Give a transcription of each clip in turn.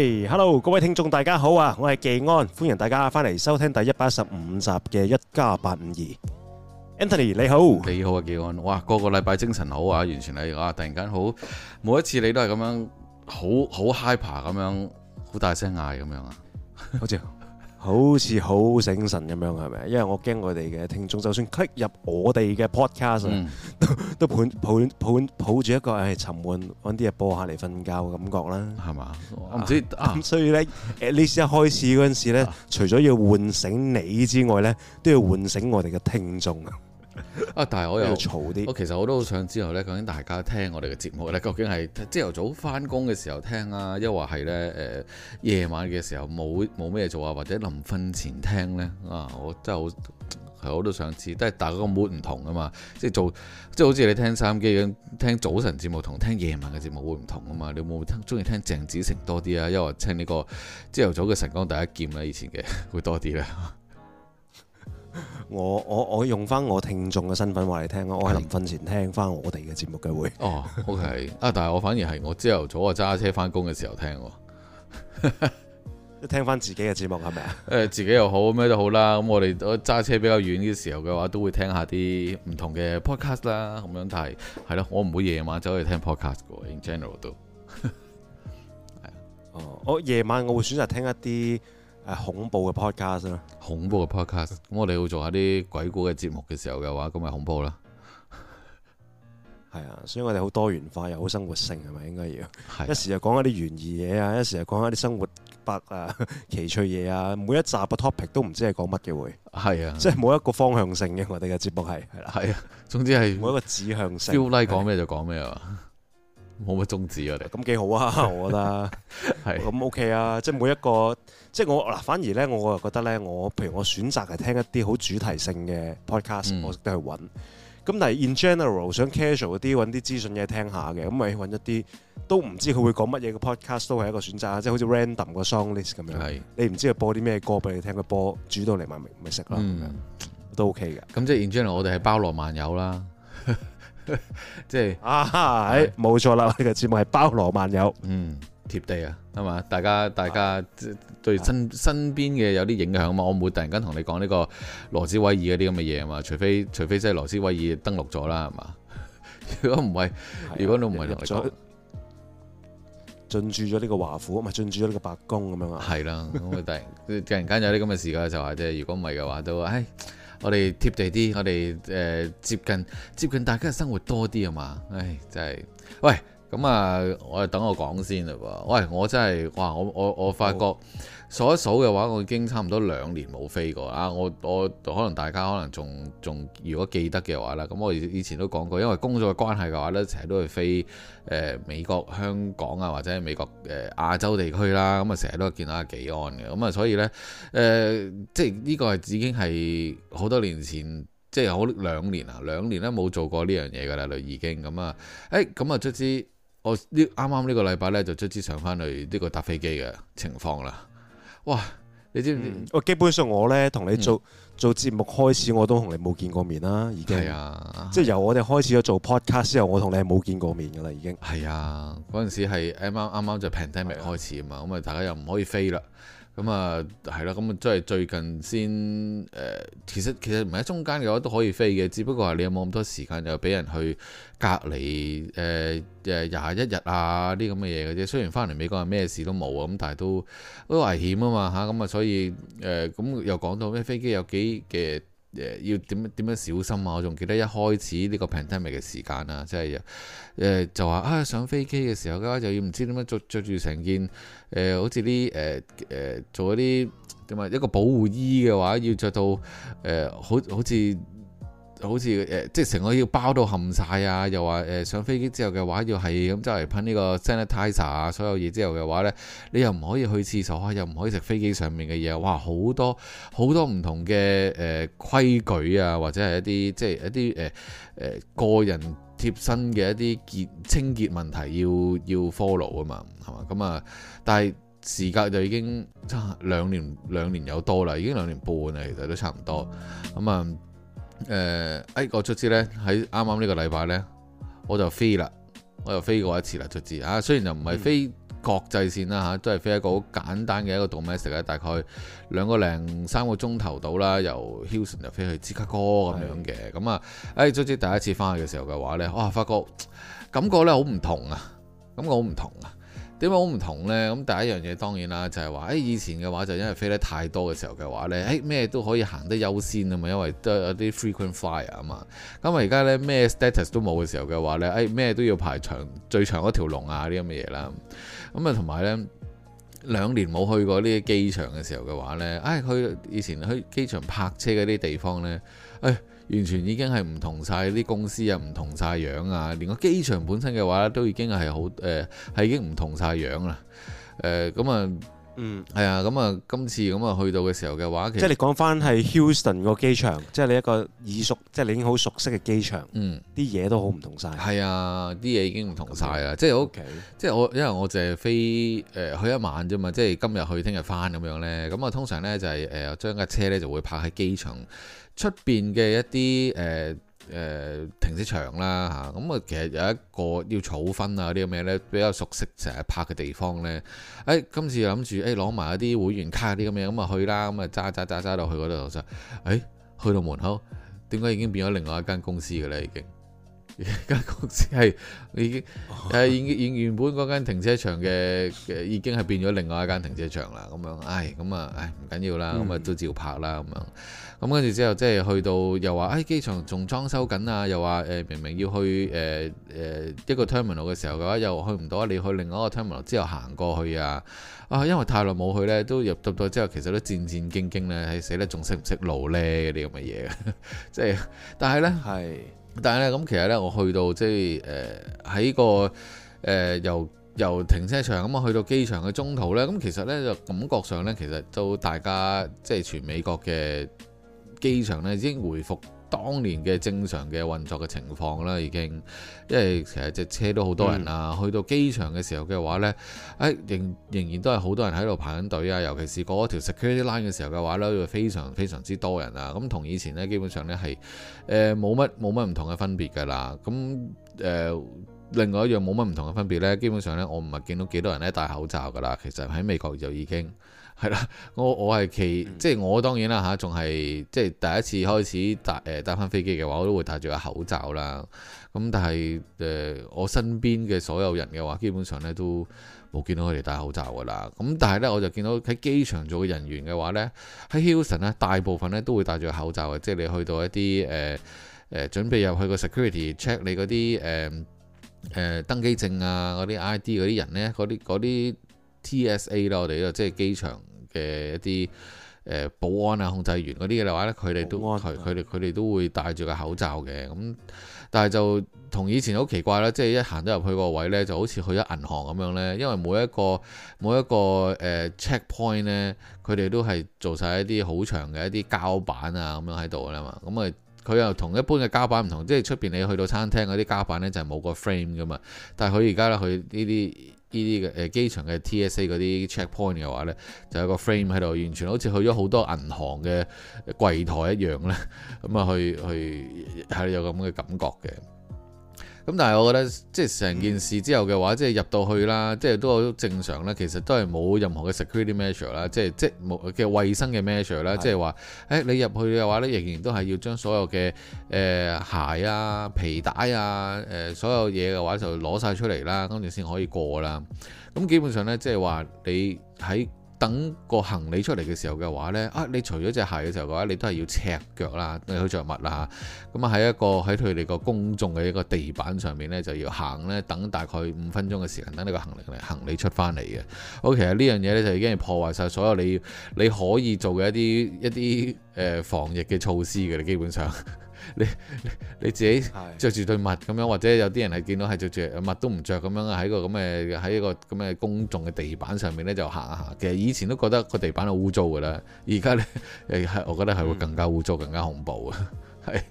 h e l l o 各位聽眾大家好啊，我係技安，歡迎大家翻嚟收聽第一百十五集嘅一加八五二，Anthony 你好，你好啊，技安，哇，個個禮拜精神好啊，完全你啊，突然間好，每一次你都係咁樣，好好 hyper 咁樣，好大聲嗌咁樣啊，好似像。 好似好醒神咁樣，係咪？因為我驚我哋嘅聽眾，就算 click 入我哋嘅 podcast，嗯、都都抱抱抱住一個誒沉悶揾啲嘢播下嚟瞓覺嘅感覺啦，係嘛？我唔知，啊啊、所以咧 a l 一開始嗰陣時咧，除咗要喚醒你之外咧，都要喚醒我哋嘅聽眾啊！啊！但係我又，我其實我都好想知道呢。究竟大家聽我哋嘅節目咧，究竟係朝頭早翻工嘅時候聽啊，一或係咧，誒、呃，夜晚嘅時候冇冇咩做啊，或者臨瞓前聽呢？啊！我真係好，其實我都想知，但係大家個 mood 唔同啊嘛，即係做，即係好似你聽收音機咁，聽早晨節目同聽夜晚嘅節目會唔同啊嘛？你有冇聽中意聽鄭子誠多啲啊？一或聽呢個朝頭早嘅晨光第一劍咧，以前嘅 會多啲咧。我我我用翻我聽眾嘅身份話你聽咯，我喺臨瞓前聽翻我哋嘅節目嘅會哦，OK 啊，但係我反而係我朝頭早啊揸車翻工嘅時候聽， 聽翻自己嘅節目係咪啊？誒， 自己又好咩都好啦，咁我哋揸車比較遠啲時候嘅話，都會聽一下啲唔同嘅 podcast 啦，咁樣但係係咯，我唔會夜晚走去聽 podcast 嘅，in general 都係 哦，我、哦、夜晚我會選擇聽一啲。.恐怖嘅 podcast 咯，恐怖嘅 podcast。咁我哋會做下啲鬼故嘅節目嘅時候嘅話，咁咪恐怖啦。係啊，所以我哋好多元化，又好生活性，係咪應該要、係啊？一時就講下啲懸疑嘢啊，一時就講下啲生活百啊 奇趣嘢啊。每一集嘅 topic 都唔知係講乜嘅會。係啊，即係冇一個方向性嘅我哋嘅節目係。係啊，啊，總之係冇一個指向性。Billie 講咩就講咩啊。冇乜宗旨啊，你，咁幾好啊！我覺得係，咁 OK 啊！即係每一個，即係我嗱，反而咧，我又覺得咧，我譬如我選擇係聽一啲好主題性嘅 podcast，我識得去揾。咁但係 in general 想 casual 啲揾啲資訊嘢聽下嘅，咁咪揾一啲都唔知佢會講乜嘢嘅 podcast 都係一個選擇啊！即係好似 random 個 song list 咁樣，你唔知佢播啲咩歌俾你聽，佢播主到嚟咪明咪識啦，咁樣都 OK 嘅。咁即係 in general 我哋係包羅萬有啦。即係啊，係冇錯啦！呢個節目係包羅萬有，嗯，貼地啊，係嘛？大家、啊、大家，對身、啊、身邊嘅有啲影響嘛？我唔會突然間同你講呢個羅斯威爾嗰啲咁嘅嘢啊嘛？除非除非即係羅斯威爾登陸咗啦，係嘛、啊啊？如果唔係，如果都唔係，入咗進駐咗呢個華府，唔係進駐咗呢個白宮咁樣啊？係啦，咁會突然突然間有啲咁嘅事噶，就話即係，如果唔係嘅話都唉。我哋貼地啲，我哋誒、呃、接近接近大家嘅生活多啲啊嘛，唉真係，喂咁啊，我哋等我講先啦，喂我真係哇，我我我發覺。數一數嘅話，我已經差唔多兩年冇飛過啊！我我可能大家可能仲仲如果記得嘅話啦，咁我以前都講過，因為工作嘅關係嘅話呢成日都會飛誒、呃、美國、香港啊，或者美國誒、呃、亞洲地區啦，咁啊成日都見到阿幾安嘅，咁啊所以呢，誒、呃、即係呢個係已經係好多年前，即係好兩年啊，兩年咧冇做過呢樣嘢㗎啦，已經咁啊，誒咁啊卒之，我啱啱呢個禮拜呢，就卒之上翻去呢個搭飛機嘅情況啦。哇！你知唔知、嗯？基本上我呢，同你做、嗯、做節目開始，我都同你冇見過面啦，已經。係啊。啊即係由我哋開始咗做 podcast 之後，我同你係冇見過面噶啦，已經。係啊，嗰陣時係啱啱啱啱就 pandemic 開始啊嘛，咁啊大家又唔可以飛啦。咁啊，係啦、嗯，咁啊，即係最近先誒、呃，其實其實唔係喺中間嘅話都可以飛嘅，只不過話你有冇咁多時間又俾人去隔離誒誒廿一日啊啲咁嘅嘢嘅啫。雖然翻嚟美國係咩事都冇啊，咁但係都都危險嘛啊嘛嚇，咁啊所以誒，咁、呃、又講到咩飛機有幾嘅？誒要點樣點小心啊！我仲記得一開始呢個 pandemic 嘅時間啦、啊，即係誒、呃、就話啊上飛機嘅時候咧就要唔知點樣着著住成件誒、呃、好似啲誒誒做一啲點啊一個保護衣嘅話要着到誒、呃、好好似。好似誒、呃，即係成個要包到冚晒啊！又話誒、呃，上飛機之後嘅話，要係咁周圍噴呢個 sanitizer 啊，所有嘢之後嘅話呢你又唔可以去廁所、啊，又唔可以食飛機上面嘅嘢，哇！好多好多唔同嘅誒規矩啊，或者係一啲即係一啲誒誒個人貼身嘅一啲潔清潔問題要要 follow 啊嘛，係嘛？咁啊，但係時間就已經差、啊、兩年兩年有多啦，已經兩年半啦，其實都差唔多咁啊。誒，誒、呃、我出資咧，喺啱啱呢個禮拜咧，我就飛啦，我又飛過一次啦出資啊，雖然就唔係飛國際線啦嚇、嗯啊，都係飛一個好簡單嘅一個 domestic 啊，大概兩個零三個鐘頭到啦，由 Houston 就飛去芝加哥咁的樣嘅，咁啊，誒出資第一次翻去嘅時候嘅話咧，哇發覺感覺咧好唔同啊，感覺好唔同啊。點解我唔同呢？咁第一樣嘢當然啦，就係話，誒以前嘅話就因為飛得太多嘅時候嘅話呢，誒咩都可以行得優先啊嘛，因為都有啲 frequent flyer 啊嘛。咁啊而家呢，咩 status 都冇嘅時候嘅話呢，誒咩都要排長最長嗰條龍啊啲咁嘅嘢啦。咁啊同埋呢，兩年冇去過呢啲機場嘅時候嘅話呢，唉，去以前去機場泊車嗰啲地方呢。哎完全已經係唔同晒啲公司啊，唔同晒樣啊！連個機場本身嘅話都已經係好誒，係、呃、已經唔同晒樣啦。誒、呃、咁、嗯嗯、啊，嗯，係啊，咁啊，今次咁啊去到嘅時候嘅話，其實即係你講翻係 Houston 個機場，即係你一個耳熟，即係你已經好熟悉嘅機場，嗯，啲嘢都好唔同晒。係啊，啲嘢已經唔同晒啦。對即係我其即係我因為我淨係飛誒去一晚啫嘛，即係今日去，去，聽日翻咁樣咧。咁啊，通常咧就係誒將架車咧就會泊喺機場。出邊嘅一啲誒誒停車場啦嚇，咁啊其實有一個要儲分啊啲咩呢？比較熟悉成日拍嘅地方呢，誒、哎、今次諗住誒攞埋一啲會員卡啲咁樣，咁啊去啦，咁啊揸揸揸揸到去嗰度就，誒、哎、去到門口，點解已經變咗另外一間公司嘅咧已經？間公司係已經誒，原原 原本嗰間停車場嘅，已經係變咗另外一間停車場啦。咁樣，唉，咁啊，唉，唔緊要啦，咁啊都照拍啦。咁樣，咁跟住之後，即係去到又話，誒、哎、機場仲裝修緊啊，又話誒、呃、明明要去誒誒、呃呃、一個 terminal 嘅時候嘅話，又去唔到，你去另外一個 terminal 之後行過去啊，啊，因為太耐冇去呢，都入到之後其實都戰戰兢兢呢，係，死得仲識唔識路呢。啲咁嘅嘢，即係，但係呢，係。 但係咧，咁其實咧，我去到即係誒喺個誒、呃、由由停車場咁啊，去到機場嘅中途咧，咁其實咧就感覺上咧，其實都大家即係全美國嘅機場咧已經回復當年嘅正常嘅運作嘅情況啦，已經，因為其實隻車都好多人啊。去到機場嘅時候嘅話呢，誒、哎、仍仍然都係好多人喺度排緊隊啊。尤其是過咗條 security line 嘅時候嘅話呢，會非常非常之多人啊。咁同以前呢，基本上呢係誒冇乜冇乜唔同嘅分別噶啦。咁誒、呃、另外一樣冇乜唔同嘅分別呢，基本上呢，我唔係見到幾多人呢戴口罩噶啦。其實喺美國就已經。係啦，我我係其即係我當然啦嚇，仲係即係第一次開始搭誒、呃、搭翻飛機嘅話，我都會戴住個口罩啦。咁但係誒、呃、我身邊嘅所有人嘅話，基本上咧都冇見到佢哋戴口罩㗎啦。咁但係咧我就見到喺機場做嘅人員嘅話咧，喺 Hilton 咧大部分咧都會戴住個口罩嘅，即係你去到一啲誒誒準備入去個 security check 你嗰啲誒誒登機證啊嗰啲 ID 嗰啲人咧嗰啲嗰啲 TSA 啦我哋呢即係機場。嘅一啲誒保安啊、控制員嗰啲嘅話咧，佢哋都佢佢哋佢哋都會戴住個口罩嘅，咁但係就同以前好奇怪啦，即係一行咗入去個位咧，就好似去咗銀行咁樣咧，因為每一個每一個誒 checkpoint 咧，佢哋都係做晒一啲好長嘅一啲膠板啊咁樣喺度噶啦嘛，咁啊佢又同一般嘅膠板唔同，即係出邊你去到餐廳嗰啲膠板咧就冇個 frame 噶嘛，但係佢而家咧佢呢啲。呢啲嘅誒機場嘅 TSA 嗰啲 checkpoint 嘅話呢，就有個 frame 喺度，完全好似去咗好多銀行嘅櫃台一樣呢。咁 啊、嗯、去去係有咁嘅感覺嘅。咁但係我覺得即係成件事之後嘅話，即係入到去啦，即係都正常啦。其實都係冇任何嘅 security measure 啦的，即係即係冇嘅衞生嘅 measure 啦。即、欸、係話，誒你入去嘅話呢，仍然都係要將所有嘅誒、呃、鞋啊、皮帶啊、誒、呃、所有嘢嘅話就攞晒出嚟啦，跟住先可以過啦。咁基本上呢，即係話你喺等個行李出嚟嘅時候嘅話呢，啊，你除咗隻鞋嘅時候嘅話，你都係要赤腳啦，你去着襪啦，咁啊喺一個喺佢哋個公眾嘅一個地板上面呢，就要行呢等大概五分鐘嘅時間，等你個行李行李出翻嚟嘅。好、okay，啊，其實呢樣嘢呢，就已經破壞晒所有你你可以做嘅一啲一啲誒防疫嘅措施嘅，你基本上。呵呵 你你，你自己着住對襪咁樣，或者有啲人係見到係着住襪都唔着咁樣喺個咁嘅喺一個咁嘅公眾嘅地板上面咧就行下。其實以前都覺得個地板好污糟噶啦，而家咧誒， 我覺得係會更加污糟，更加恐怖 啊！係係、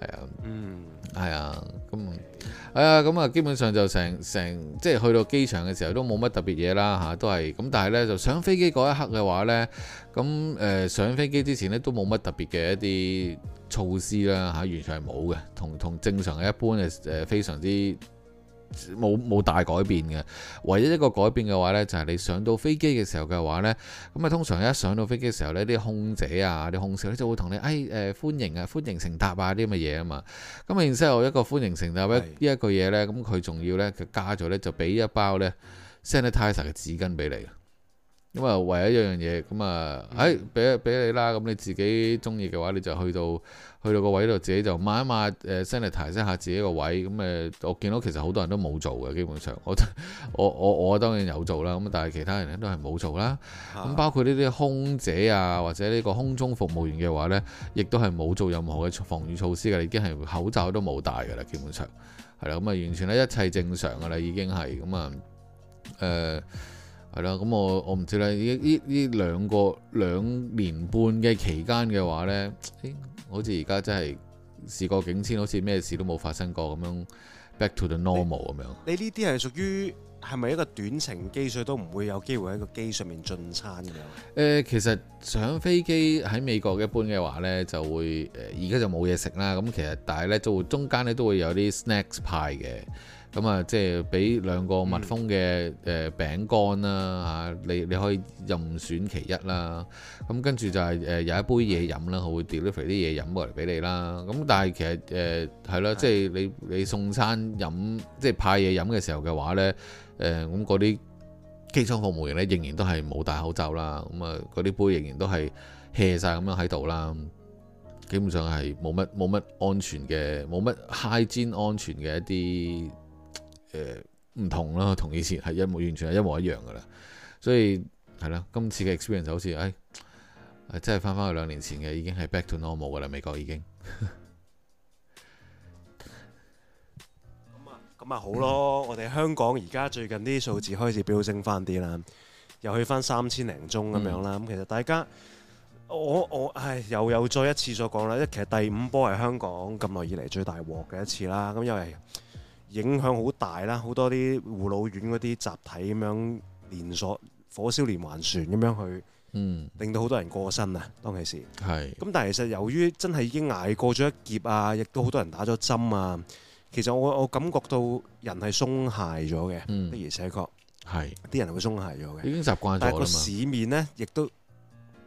嗯、啊，嗯，係啊，咁。係咁啊，基本上就成成即係去到機場嘅時候都冇乜特別嘢啦嚇，都係咁。但係呢，就上飛機嗰一刻嘅話呢，咁誒、呃、上飛機之前呢，都冇乜特別嘅一啲措施啦嚇、啊，完全係冇嘅，同同正常嘅一般誒非常之。冇冇大改變嘅，唯一一個改變嘅話呢，就係、是、你上到飛機嘅時候嘅話呢。咁啊通常一上到飛機嘅時候呢，啲空姐啊、啲空少呢就會同你誒誒、哎呃、歡迎啊、歡迎乘搭啊啲咁嘅嘢啊嘛，咁啊然之後一個歡迎乘搭咧呢一個嘢呢，咁佢仲要呢，佢加咗呢，就俾一包呢 sanitiser 嘅紙巾俾你，咁啊唯一一樣嘢咁啊，誒俾俾你啦，咁你自己鍾意嘅話你就去到。去到個位度，自己就抹一抹誒，先嚟提升下自己個位咁誒。我見到其實好多人都冇做嘅，基本上我我我我當然有做啦。咁但係其他人咧都係冇做啦。咁、啊、包括呢啲空姐啊，或者呢個空中服務員嘅話呢，亦都係冇做任何嘅防禦措施嘅，已經係口罩都冇戴嘅啦。基本上係啦，咁啊、嗯、完全呢，一切正常嘅啦，已經係咁啊誒係啦。咁、嗯、我我唔知喇，呢呢呢兩個兩年半嘅期間嘅話呢。好似而家真係事過境遷，好似咩事都冇發生過咁樣，back to the normal 咁樣。你呢啲係屬於係咪一個短程機上都唔會有機會喺個機上面進餐咁樣？誒、呃，其實上飛機喺美國一般嘅話呢，就會誒而家就冇嘢食啦。咁其實但係呢，就中間呢都會有啲 snacks 派嘅。咁啊，即係俾兩個密封嘅誒餅乾啦嚇，嗯、你你可以任選其一啦。咁跟住就係誒有一杯嘢飲啦，會 delivery 啲嘢飲過嚟俾你啦。咁但係其實誒係咯，即係、就是、你你送餐飲即係、就是、派嘢飲嘅時候嘅話呢，誒咁嗰啲機艙服務員呢，仍然都係冇戴口罩啦。咁啊嗰啲杯仍然都係卸晒咁樣喺度啦。基本上係冇乜冇乜安全嘅冇乜 hygiene 安全嘅一啲。誒，唔同咯，同以前係一模完全係一模一樣噶啦，所以係啦，今次嘅 experience 好似誒，誒、哎，真係翻翻去兩年前嘅，已經係 back to normal 噶啦，美國已經咁，啊，咁啊好咯，我哋香港而家最近啲數字開始飆升翻啲啦，又去翻三千零宗咁樣啦，咁、嗯、其實大家，我我唉，又有再一次再講啦，即其實第五波係香港咁耐以嚟，最大鑊嘅一次啦，咁因為。影響好大啦，好多啲護老院嗰啲集體咁樣連鎖火燒連環船咁樣去，嗯，令到好多人過身啊，當其時。係是。咁但係其實由於真係已經捱過咗一劫啊，亦都好多人打咗針啊，其實我我感覺到人係鬆懈咗嘅，的、嗯、而且確係，啲是人係會鬆懈咗嘅，已經習慣咗。但係個市面呢，亦都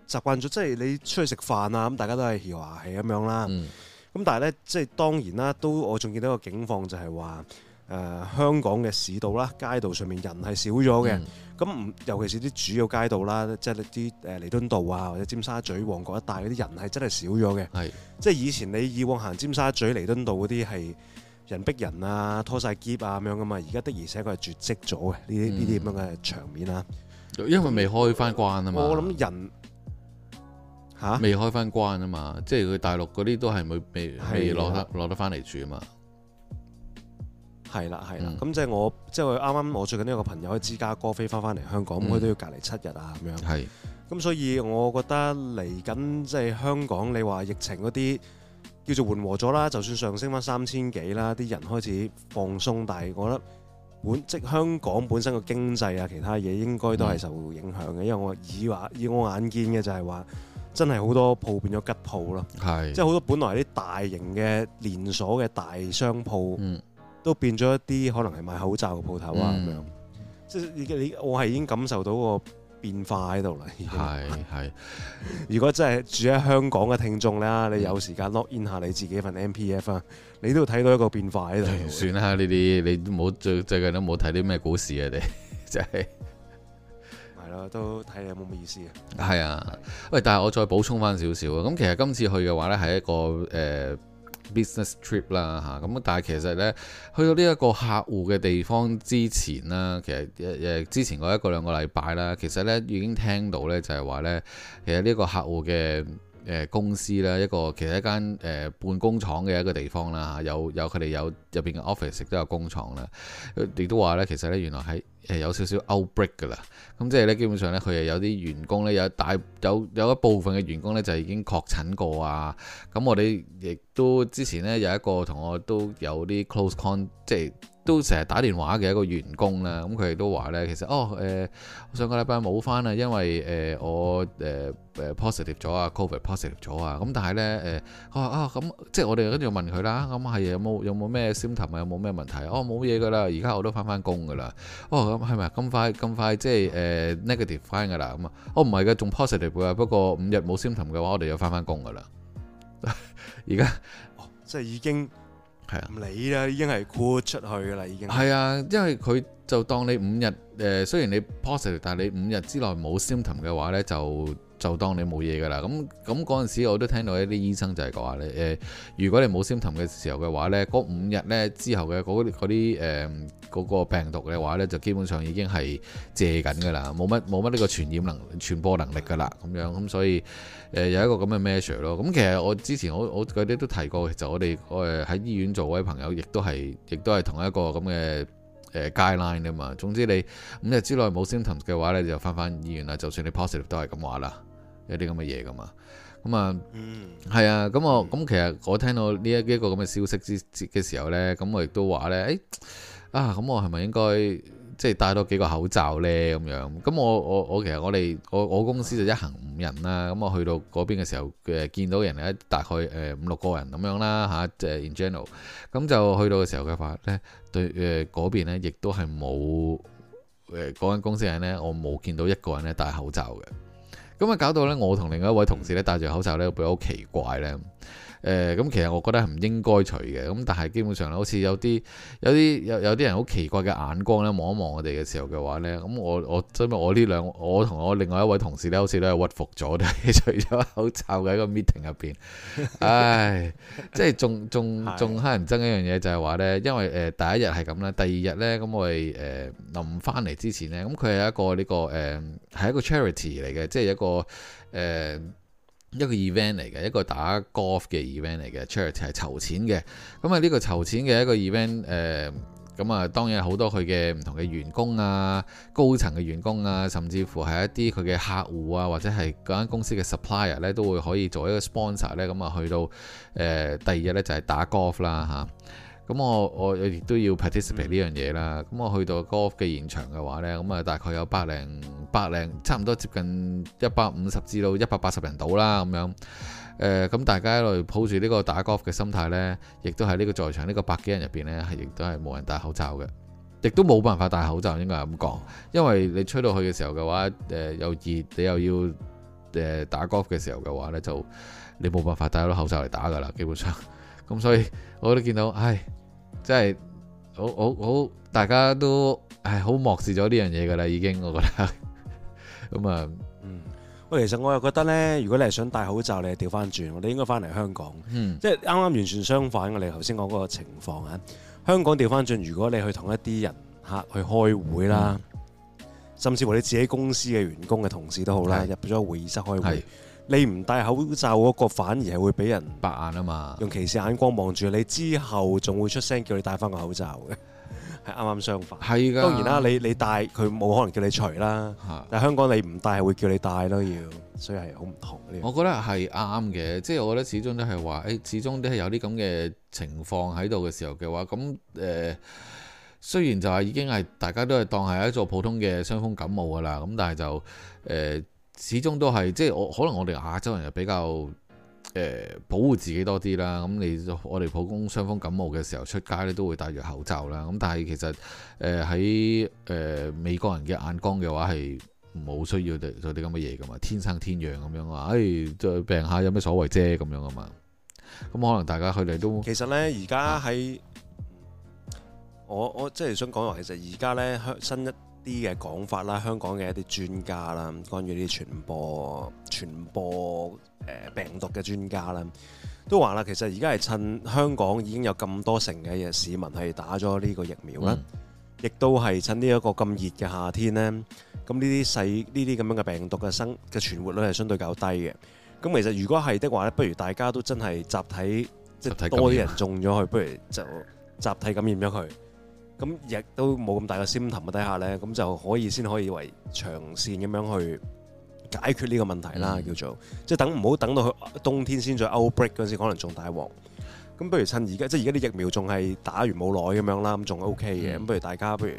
習慣咗，嘛即係你出去食飯啊，咁大家都係話係咁樣啦。嗯咁但係咧，即係當然啦，都我仲見到一個景況就係話，誒、呃、香港嘅市道啦、街道上面人係少咗嘅。咁唔、嗯，尤其是啲主要街道啦，即係啲誒彌敦道啊，或者尖沙咀旺角一帶嗰啲人係真係少咗嘅。係是，即係以前你以往行尖沙咀彌敦道嗰啲係人逼人啊、拖晒喼啊咁樣噶嘛。而家的而且確係絕跡咗嘅呢啲呢啲咁樣嘅場面啊。因為未開返關啊嘛。我諗人。嚇，未哈開翻關啊嘛，即係佢大陸嗰啲都係咪未未攞得攞得翻嚟住啊嘛，係啦係啦。咁即係我即係啱啱我最近都有個朋友喺芝加哥飛翻翻嚟香港，咁佢、嗯、都要隔離七日啊咁樣。係咁，所以我覺得嚟緊即係香港，你話疫情嗰啲叫做緩和咗啦，就算上升翻三千幾啦，啲人開始放鬆，但係我覺得本即、就是、香港本身個經濟啊，其他嘢應該都係受影響嘅。嗯、因為我以眼以我眼見嘅就係話。真係好多鋪變咗吉鋪啦，係。即係好多本來啲大型嘅連鎖嘅大商鋪，嗯、都變咗一啲可能係賣口罩嘅鋪頭啊咁樣。嗯、即係你我係已經感受到個變化喺度啦。係係。如果真係住喺香港嘅聽眾啦，嗯、你有時間 lock in 下你自己份 M P F 啊，你都睇到一個變化喺度。算啦，呢啲你冇最最近都冇睇啲咩股市啊，你真係。都睇下有冇咩意思啊？係啊，喂！但係我再補充翻少少啊。咁其實今次去嘅話咧，係一個誒、呃、business trip 啦，嚇咁。但係其實呢，去到呢一個客戶嘅地方之前啦，其實誒誒，之前嗰一個兩個禮拜啦，其實呢已經聽到呢，就係話呢，其實呢個客戶嘅。誒公司啦，一個其實一間誒、呃、半工廠嘅一個地方啦，有有佢哋有入邊嘅 office 亦都有工廠啦，亦都話咧，其實咧原來係誒有少少 outbreak 嘅啦，咁、嗯、即係咧基本上咧佢係有啲員工咧有一大有有一部分嘅員工咧就已經確診過啊，咁、嗯、我哋亦都之前咧有一個同我都有啲 close con 即係。都成日打電話嘅一個員工啦，咁佢哋都話咧，其實哦誒、呃、上個禮拜冇翻啊，因為誒、呃、我誒誒、呃、positive 咗啊，COVID positive 咗啊，咁但係咧誒啊咁，即係我哋跟住問佢啦，咁係有冇有冇咩 symptom 啊，有冇咩問題？哦冇嘢噶啦，而家我都翻翻工噶啦。哦咁係咪咁快咁快即係誒、呃、negative 翻噶啦？咁、嗯、啊？哦唔係嘅，仲 positive 啊。不過五日冇 symptom 嘅話，我哋又翻翻工噶啦。而家即係已經。係啊，唔理啦，已經係豁出去嘅啦，已經。係啊，因為佢就當你五日誒、呃，雖然你 positive 但係你五日之內冇 symptom 嘅話呢，就。就當你冇嘢㗎啦，咁咁嗰陣時我都聽到一啲醫生就係講話咧，誒、呃，如果你冇 symptom 嘅時候嘅話咧，嗰五日咧之後嘅嗰啲誒嗰病毒嘅話咧，就基本上已經係借緊㗎啦，冇乜冇乜呢個傳染能傳播能力㗎啦，咁樣咁所以誒、呃、有一個咁嘅 measure 咯。咁其實我之前我我嗰啲都提過，其實我哋誒喺醫院做位朋友，亦都係亦都係同一個咁嘅誒 guideline 啊嘛。總之你五日之內冇 symptom 嘅話咧，你就翻翻醫院啦，就算你 positive 都係咁話啦。有啲咁嘅嘢噶嘛，咁、嗯嗯、啊，係啊，咁我咁其實我聽到呢一一個咁嘅消息之嘅時候呢，咁我亦都話呢，誒、哎、啊，咁我係咪應該即係、就是、戴多幾個口罩呢？咁樣？咁我我我其實我哋我我公司就一行五人啦，咁我去到嗰邊嘅時候，誒、呃、見到人咧大概誒五六個人咁樣啦吓，誒、啊、in general，咁就去到嘅時候嘅話呢，對誒嗰、呃、邊咧亦都係冇誒嗰間公司人呢，我冇見到一個人咧戴口罩嘅。咁啊搞到咧，我同另外一位同事咧戴住口罩咧，會好奇怪咧。誒咁、嗯、其實我覺得係唔應該除嘅，咁但係基本上好似有啲有啲有有啲人好奇怪嘅眼光咧，望一望我哋嘅時候嘅話咧，咁、嗯、我我所以我呢兩我同我另外一位同事咧，好似都係屈服咗，都係除咗口罩嘅喺個 meeting 入邊， 唉，即係仲仲仲乞人憎一樣嘢就係話咧，因為誒第一日係咁啦，第二日咧，咁、嗯、我哋誒臨翻嚟之前咧，咁佢係一個呢、呢個誒係、嗯、一個 charity 嚟嘅，即係一個誒。嗯一個 event 嚟嘅，一個打 golf 嘅 event 嚟嘅，charity 係籌錢嘅。咁啊，呢個籌錢嘅一個 event，誒，咁啊，當然好多佢嘅唔同嘅員工啊、高層嘅員工啊，甚至乎係一啲佢嘅客戶啊，或者係嗰間公司嘅 supplier 咧，都會可以做一個 sponsor 咧，咁啊，去到誒、呃、第二日咧就係打 golf 啦嚇。啊咁我我亦都要 participate 呢樣嘢啦。咁我去到 golf 嘅現場嘅話呢，咁啊，大概有百零百零，差唔多接近一百五十至到一百八十人到啦咁樣。咁、呃、大家一路抱住呢個打 golf 嘅心態呢，亦都喺呢個在場呢、呢個百幾人入邊呢，係亦都係冇人戴口罩嘅，亦都冇辦法戴口罩應該係咁講，因為你吹到去嘅時候嘅話，誒、呃、又熱，你又要誒打 golf 嘅時候嘅話呢，就你冇辦法戴到口罩嚟打㗎啦，基本上。咁所以我都見到，唉～即係好好好，大家都唉好漠視咗呢樣嘢噶啦，已經，已經我覺得咁啊。 那就 嗯，喂，其實我又覺得呢，如果你係想戴口罩，你係調翻轉，我哋應該翻嚟香港。即係啱啱完全相反，我哋頭先講嗰個情況啊。香港調翻轉，如果你去同一啲人客去開會啦，嗯，甚至乎你自己公司嘅員工嘅同事都好啦，是入咗會議室開會。你唔戴口罩嗰個反而係會俾人白眼啊嘛！用歧視眼光望住你，之後仲會出聲叫你戴翻個口罩嘅，係啱啱相反。係噶的，當然啦，你你戴佢冇可能叫你除啦。嚇的！但香港你唔戴係會叫你戴咯，要所以係好唔同。我覺得係啱嘅， 即係我覺得始終都係話，誒，始終都係有啲咁嘅情況喺度嘅時候嘅話，咁誒、呃，雖然就係已經係大家都係當係一座普通嘅傷風感冒噶啦，咁但係就誒。呃始終都係即係我可能我哋亞洲人又比較誒、呃、保護自己多啲啦，咁你我哋普通傷風感冒嘅時候出街咧都會戴住口罩啦，咁但係其實誒喺誒美國人嘅眼光嘅話係冇需要做啲咁嘅嘢噶嘛，天生天養咁樣啊，誒、哎、再病下有咩所謂啫咁樣啊嘛，咁可能大家佢哋都其實咧而家喺我我即係想講話，其實而家咧香新一。啲嘅講法啦，香港嘅一啲專家啦，關於呢啲傳播傳播誒病毒嘅專家啦，都話啦，其實而家係趁香港已經有咁多成嘅嘅市民係打咗呢個疫苗啦，亦都係趁呢一個咁熱嘅夏天呢，咁呢啲細呢啲咁樣嘅病毒嘅生嘅存活率係相對較低嘅。咁其實如果係的話咧，不如大家都真係集體，集體、啊、即係多啲人中咗佢，不如就集體感染咗佢。咁亦都冇咁大嘅巔峯嘅底下咧，咁就可以先可以為長線咁樣去解決呢個問題啦，嗯、叫做即係、就是、等唔好等到去冬天先再 outbreak 嗰陣時，可能仲大鑊。咁不如趁而家，即係而家啲疫苗仲係打完冇耐咁樣啦，咁仲 OK 嘅、嗯。咁不如大家，不如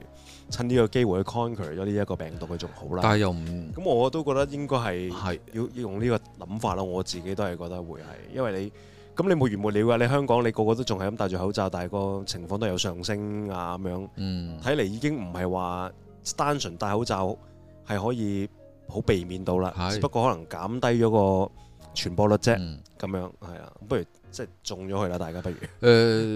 趁呢個機會去 conquer 咗呢一個病毒，佢仲好啦。但係又唔咁，我都覺得應該係係要的要，要用呢個諗法咯。我自己都係覺得會係，因為你。咁你冇完冇了㗎，你香港你個個都仲係咁戴住口罩，但係個情況都有上升啊，咁樣，睇嚟、嗯、已經唔係話單純戴口罩係可以好避免到啦，是只不過可能減低咗個傳播率啫，咁樣、嗯、係啊，不如。即係中咗去啦，大家不如誒、呃、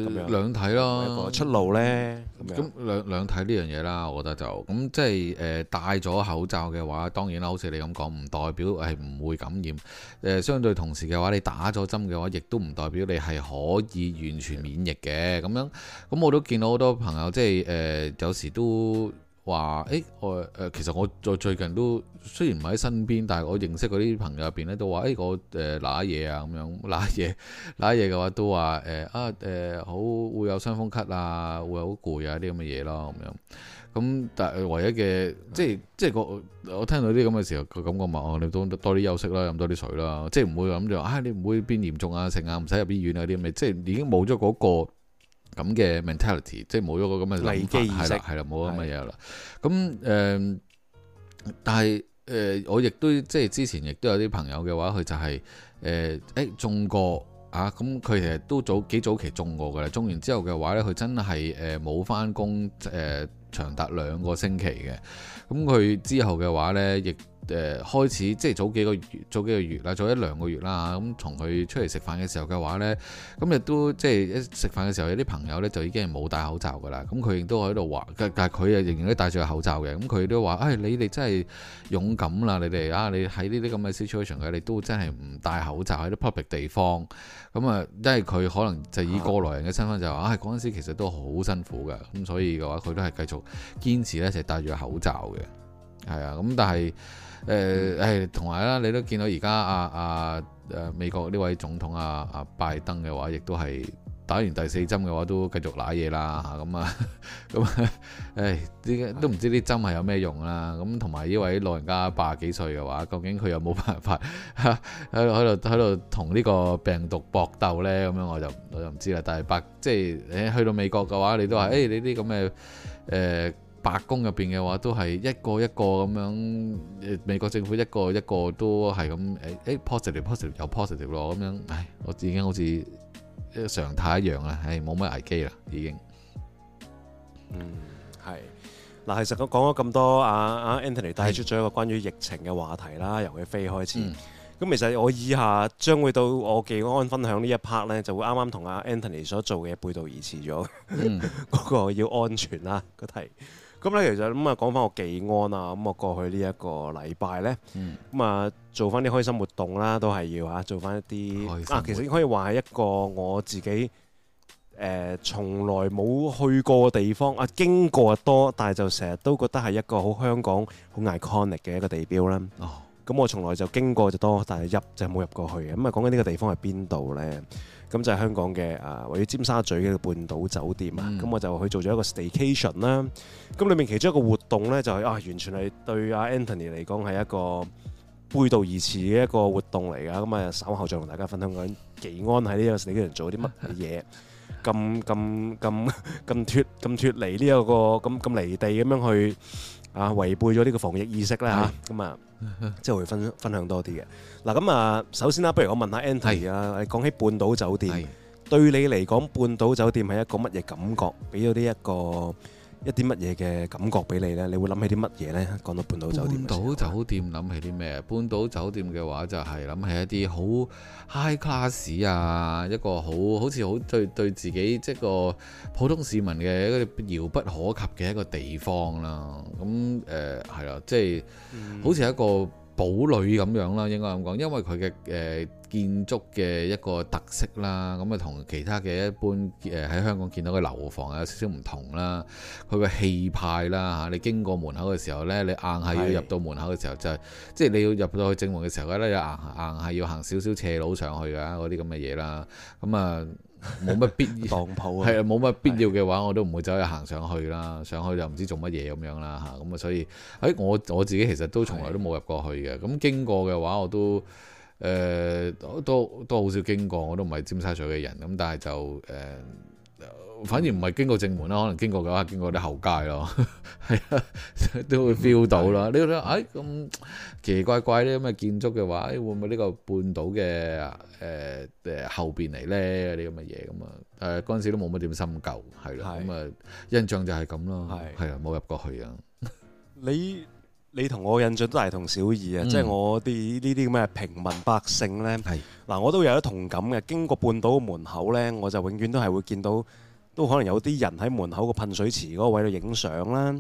樣兩睇咯，出路呢咁樣。咁兩兩睇呢樣嘢啦，我覺得就咁即係誒戴咗口罩嘅話，當然啦，好似你咁講，唔代表係唔會感染。誒、呃、相對同時嘅話，你打咗針嘅話，亦都唔代表你係可以完全免疫嘅。咁樣咁我都見到好多朋友即係誒、呃、有時都。話誒、欸、我誒、呃、其實我在最近都雖然唔喺身邊，但係我認識嗰啲朋友入邊咧都話誒、欸、我誒瀨嘢啊，咁樣瀨嘢瀨嘢嘅話都話誒啊誒好會有傷風咳啊，會有好攰啊啲咁嘅嘢咯咁樣。咁、嗯、但係唯一嘅即係即係我，我聽到啲咁嘅時候佢感覺咪、就是、哦你多多啲休息啦，飲多啲水啦，即係唔會諗住啊你唔會變嚴重啊成啊唔使入醫院啊啲咪即係已經冇咗嗰個。咁嘅 mentality，即係冇咗個咁嘅諗法，係啦，係啦，冇咁嘅嘢啦。咁誒的、呃，但係誒、呃，我亦都即係之前亦都有啲朋友嘅話，佢就係、是、誒，誒、呃、中過啊。咁佢其實都早幾早期中過㗎啦。中完之後嘅話咧，佢真係誒冇返工誒，長達兩個星期嘅。咁佢之後嘅話咧，亦～誒、呃、開始即係早幾個月，早幾個月啦，早一兩個月啦。咁同佢出嚟食飯嘅時候嘅話呢，咁、嗯、亦都即係一食飯嘅時候，有啲朋友呢就已經係冇戴口罩噶啦。咁佢亦都喺度話，但係佢啊仍然都戴住個口罩嘅。咁佢都話：，誒、哎、你哋真係勇敢啦，你哋啊！你喺呢啲咁嘅 situation 嘅，你哋都真係唔戴口罩喺啲 public 地方。咁、嗯、啊、嗯，因為佢可能就以過來人嘅身份就話：，啊嗰陣時其實都好辛苦嘅。咁、嗯、所以嘅話，佢都係繼續堅持咧，就係戴住個口罩嘅。係啊，咁、嗯、但係。誒誒，同埋啦，你都見到而家阿阿誒美國呢位總統阿、啊、阿、啊、拜登嘅話，亦都係打完第四針嘅話，都繼續瀨嘢啦嚇，咁啊，咁、啊、誒，啲都唔知啲針係有咩用啦。咁同埋呢位老人家八十幾歲嘅話，究竟佢有冇辦法喺喺度喺度同呢個病毒搏鬥咧？咁樣我就我就唔知啦。但係白即係誒，去到美國嘅話，你都話誒、欸，你啲咁嘅誒。欸白宮入邊嘅話，都係一個一個咁樣，美國政府一個一個都係咁，誒誒 positive positive 有 positive 咯，咁樣，唉，我自己好似一個常態一樣啊，係冇乜危機啦，已經。嗯，係。嗱，其實我講咗咁多，阿、啊、阿、啊、Anthony 帶出咗一個關於疫情嘅話題啦，是由佢飛開始。咁、嗯、其實我以下將會到我記安分享一分呢一 part 咧，就會啱啱同阿、啊、Anthony 所做嘅背道而馳咗，嗰、嗯、 個要安全啦個題。咁咧，其實咁啊，講翻個紀安啊，咁我過去呢、嗯、一個禮拜呢，咁啊，做翻啲開心活動啦，都係要嚇做翻一啲，啊，其實可以話係一個我自己誒、呃、從來冇去過嘅地方啊，經過多，但係就成日都覺得係一個好香港好 iconic 嘅一個地標啦。哦。咁我從來就經過就多，但係入就冇入過去嘅。咁啊，講緊呢個地方係邊度咧？咁就係香港嘅啊，位於尖沙咀嘅半島酒店啊。咁我就去做咗一個 staycation 啦。咁裏面其中一個活動咧，就係啊，完全係對阿 Anthony 嚟講係一個背道而馳嘅一個活動嚟㗎。咁啊，稍後再同大家分享緊，幾安喺呢個 staycation 做咗啲乜嘢？咁咁咁咁脫咁脫離呢一個咁咁離地咁樣去啊，違背咗呢個防疫意識啦嚇。咁啊～即係會分分享多啲嘅。嗱咁啊，首先啦，不如我問下 Andy 啊是，你講起半島酒店，是對你嚟講，半島酒店係一個乜嘢感覺？俾咗呢一個，一啲乜嘢嘅感覺俾你呢？你會諗起啲乜嘢呢？講到半島酒店，半島酒店，半島酒店諗起啲咩？半島酒店嘅話就係諗起一啲好 high class 啊，一個好好似好對對自己即係個普通市民嘅一遙不可及嘅一個地方啦。咁誒係啦，即、呃、係、就係、好似一個堡壘咁樣啦，應該咁講，因為佢嘅誒。呃建築嘅一個特色啦，咁啊同其他嘅一般誒喺香港見到嘅樓房有少少唔同啦，佢嘅氣派啦嚇，你經過門口嘅時候呢，你硬係要入到門口嘅時候是的 就係，即係你要入到去正門嘅時候呢，又硬硬係要行少少斜路上去嘅嗰啲咁嘅嘢啦，咁、嗯、 泡啊冇乜必要，係啊冇乜必要嘅話，是的 我都唔會去走去行上去啦，上去就唔知做乜嘢咁樣啦嚇，咁啊所以，誒我我自己其實都從來都冇入過去嘅，咁是的 經過嘅話我都。誒、呃、都都好少經過，我都唔係尖沙咀嘅人，咁但係就誒、呃，反而唔係經過正門啦，可能經過嘅話，經過啲後街咯，係啊，都會 feel 到啦。你覺得誒咁奇怪怪啲咁嘅建築嘅話，會唔會呢個半島嘅誒誒後邊嚟咧？嗰啲咁嘅嘢咁啊？誒嗰陣時都冇乜點深究，係咯，咁啊是印象就係咁咯，係啊冇入過去啊。你？你同我印象都大同小異啊！即係、嗯、我哋呢啲咁嘅平民百姓呢，嗱是、啊、我都有啲同感嘅。經過半島嘅門口呢，我就永遠都係會見到，都可能有啲人喺門口個噴水池嗰個位度影相啦。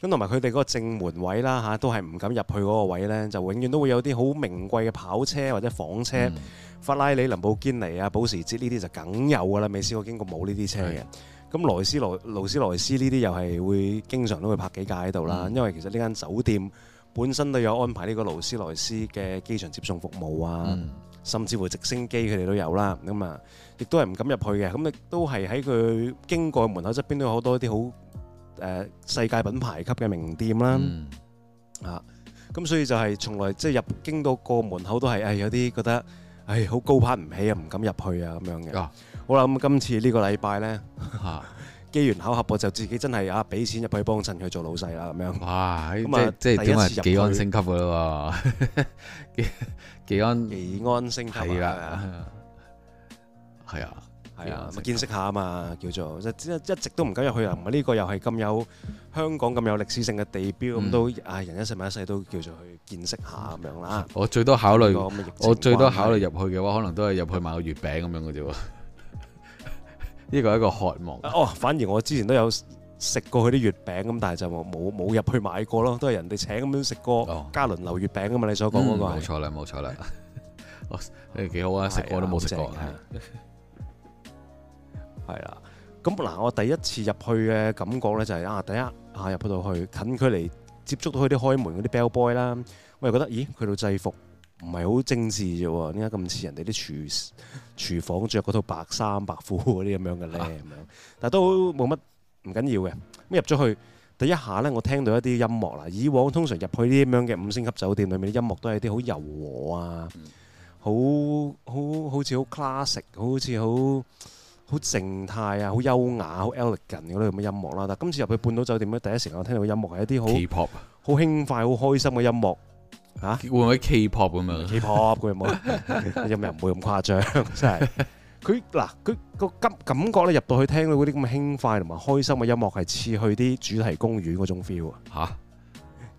咁同埋佢哋嗰個正門位啦嚇、啊，都係唔敢入去嗰個位呢，就永遠都會有啲好名貴嘅跑車或者房車，嗯、法拉利、林寶堅尼啊、保時捷呢啲就梗有㗎喇，未試過經過冇呢啲車嘅。咁勞斯萊勞斯萊斯呢啲又係會經常都會拍幾架喺度啦，嗯、因為其實呢間酒店本身都有安排呢個勞斯萊斯嘅機場接送服務啊，嗯、甚至乎直升機佢哋都有啦，咁啊亦都係唔敢入去嘅，咁亦都係喺佢經過門口側邊都有好多啲好誒世界品牌級嘅名店啦，嗯、啊，咁所以就係從來即係入經過個門口都係誒、哎、有啲覺得誒好、哎、高攀唔起啊，唔敢入去啊咁樣嘅。好啦，咁今次呢個禮拜咧，機緣巧合，我就自己真係啊，俾錢入去幫襯佢做老細啦，咁樣哇，咁即係點啊？幾安升級噶咯喎？幾安幾安升級啊？係啊，係啊，咪見識下啊嘛，叫做一直都唔敢入去啊。唔係呢個又係咁有香港咁有歷史性嘅地標咁，都啊人一世物一世都叫做去見識下咁樣啦。我最多考慮我最多考慮入去嘅話，可能都係入去買個月餅咁樣嘅啫喎。呢個係一個渴望哦，反而我之前都有食過佢啲月餅咁，但係就冇冇入去買過咯，都係人哋請咁樣食過嘉麟樓月餅啊嘛！哦、你所講嗰個冇、嗯、錯啦，冇錯啦，誒幾好啊！食過都冇食過，係啦、啊。咁嗱、啊，我第一次入去嘅感覺咧就係、是、啊，第一啊入去到去近距離接觸到佢啲開門嗰啲 bell boy 啦，我又覺得咦，佢度制服，唔係好精緻啫，點解咁似人哋啲廚廚房着嗰套白衫 白褲嗰啲咁樣嘅咧？咁樣、啊，但都冇乜唔緊要嘅。咁入咗去第一下咧，我聽到一啲音樂啦。以往通常入去呢啲咁樣嘅五星級酒店裏面，音樂都係一啲好柔和啊、嗯，好好好似好 classic，好似好好靜態啊，好優雅、好 elegant 嗰類咁嘅音樂啦。但今次入去半島酒店咧，第一時間我聽到音樂係一啲好 pop，好輕快、好開心嘅音樂。啊，會唔會 K-pop 咁樣？K-pop 嘅有冇？有咩？唔會咁 誇張，真係佢嗱佢個感感覺咧，入到去聽到嗰啲咁輕快同埋開心嘅音樂，係似去啲主題公園嗰種 feel 啊！嚇，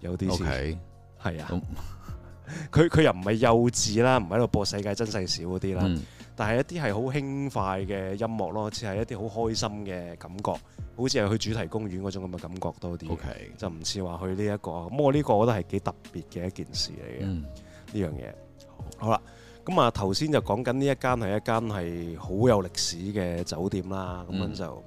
有啲似，係啊，佢佢又唔係幼稚啦，唔喺度播世界真細小啲啦。嗯但係一啲係好輕快嘅音樂咯，似係一啲好開心嘅感覺，好似係去主題公園嗰種咁嘅感覺多啲，Okay. 就唔似話去呢、這、一個。咁我呢個我覺得係幾特別嘅一件事嚟嘅呢樣嘢。好啦，咁啊頭先就講緊呢一間係一間係好有歷史嘅酒店啦。咁樣、嗯、就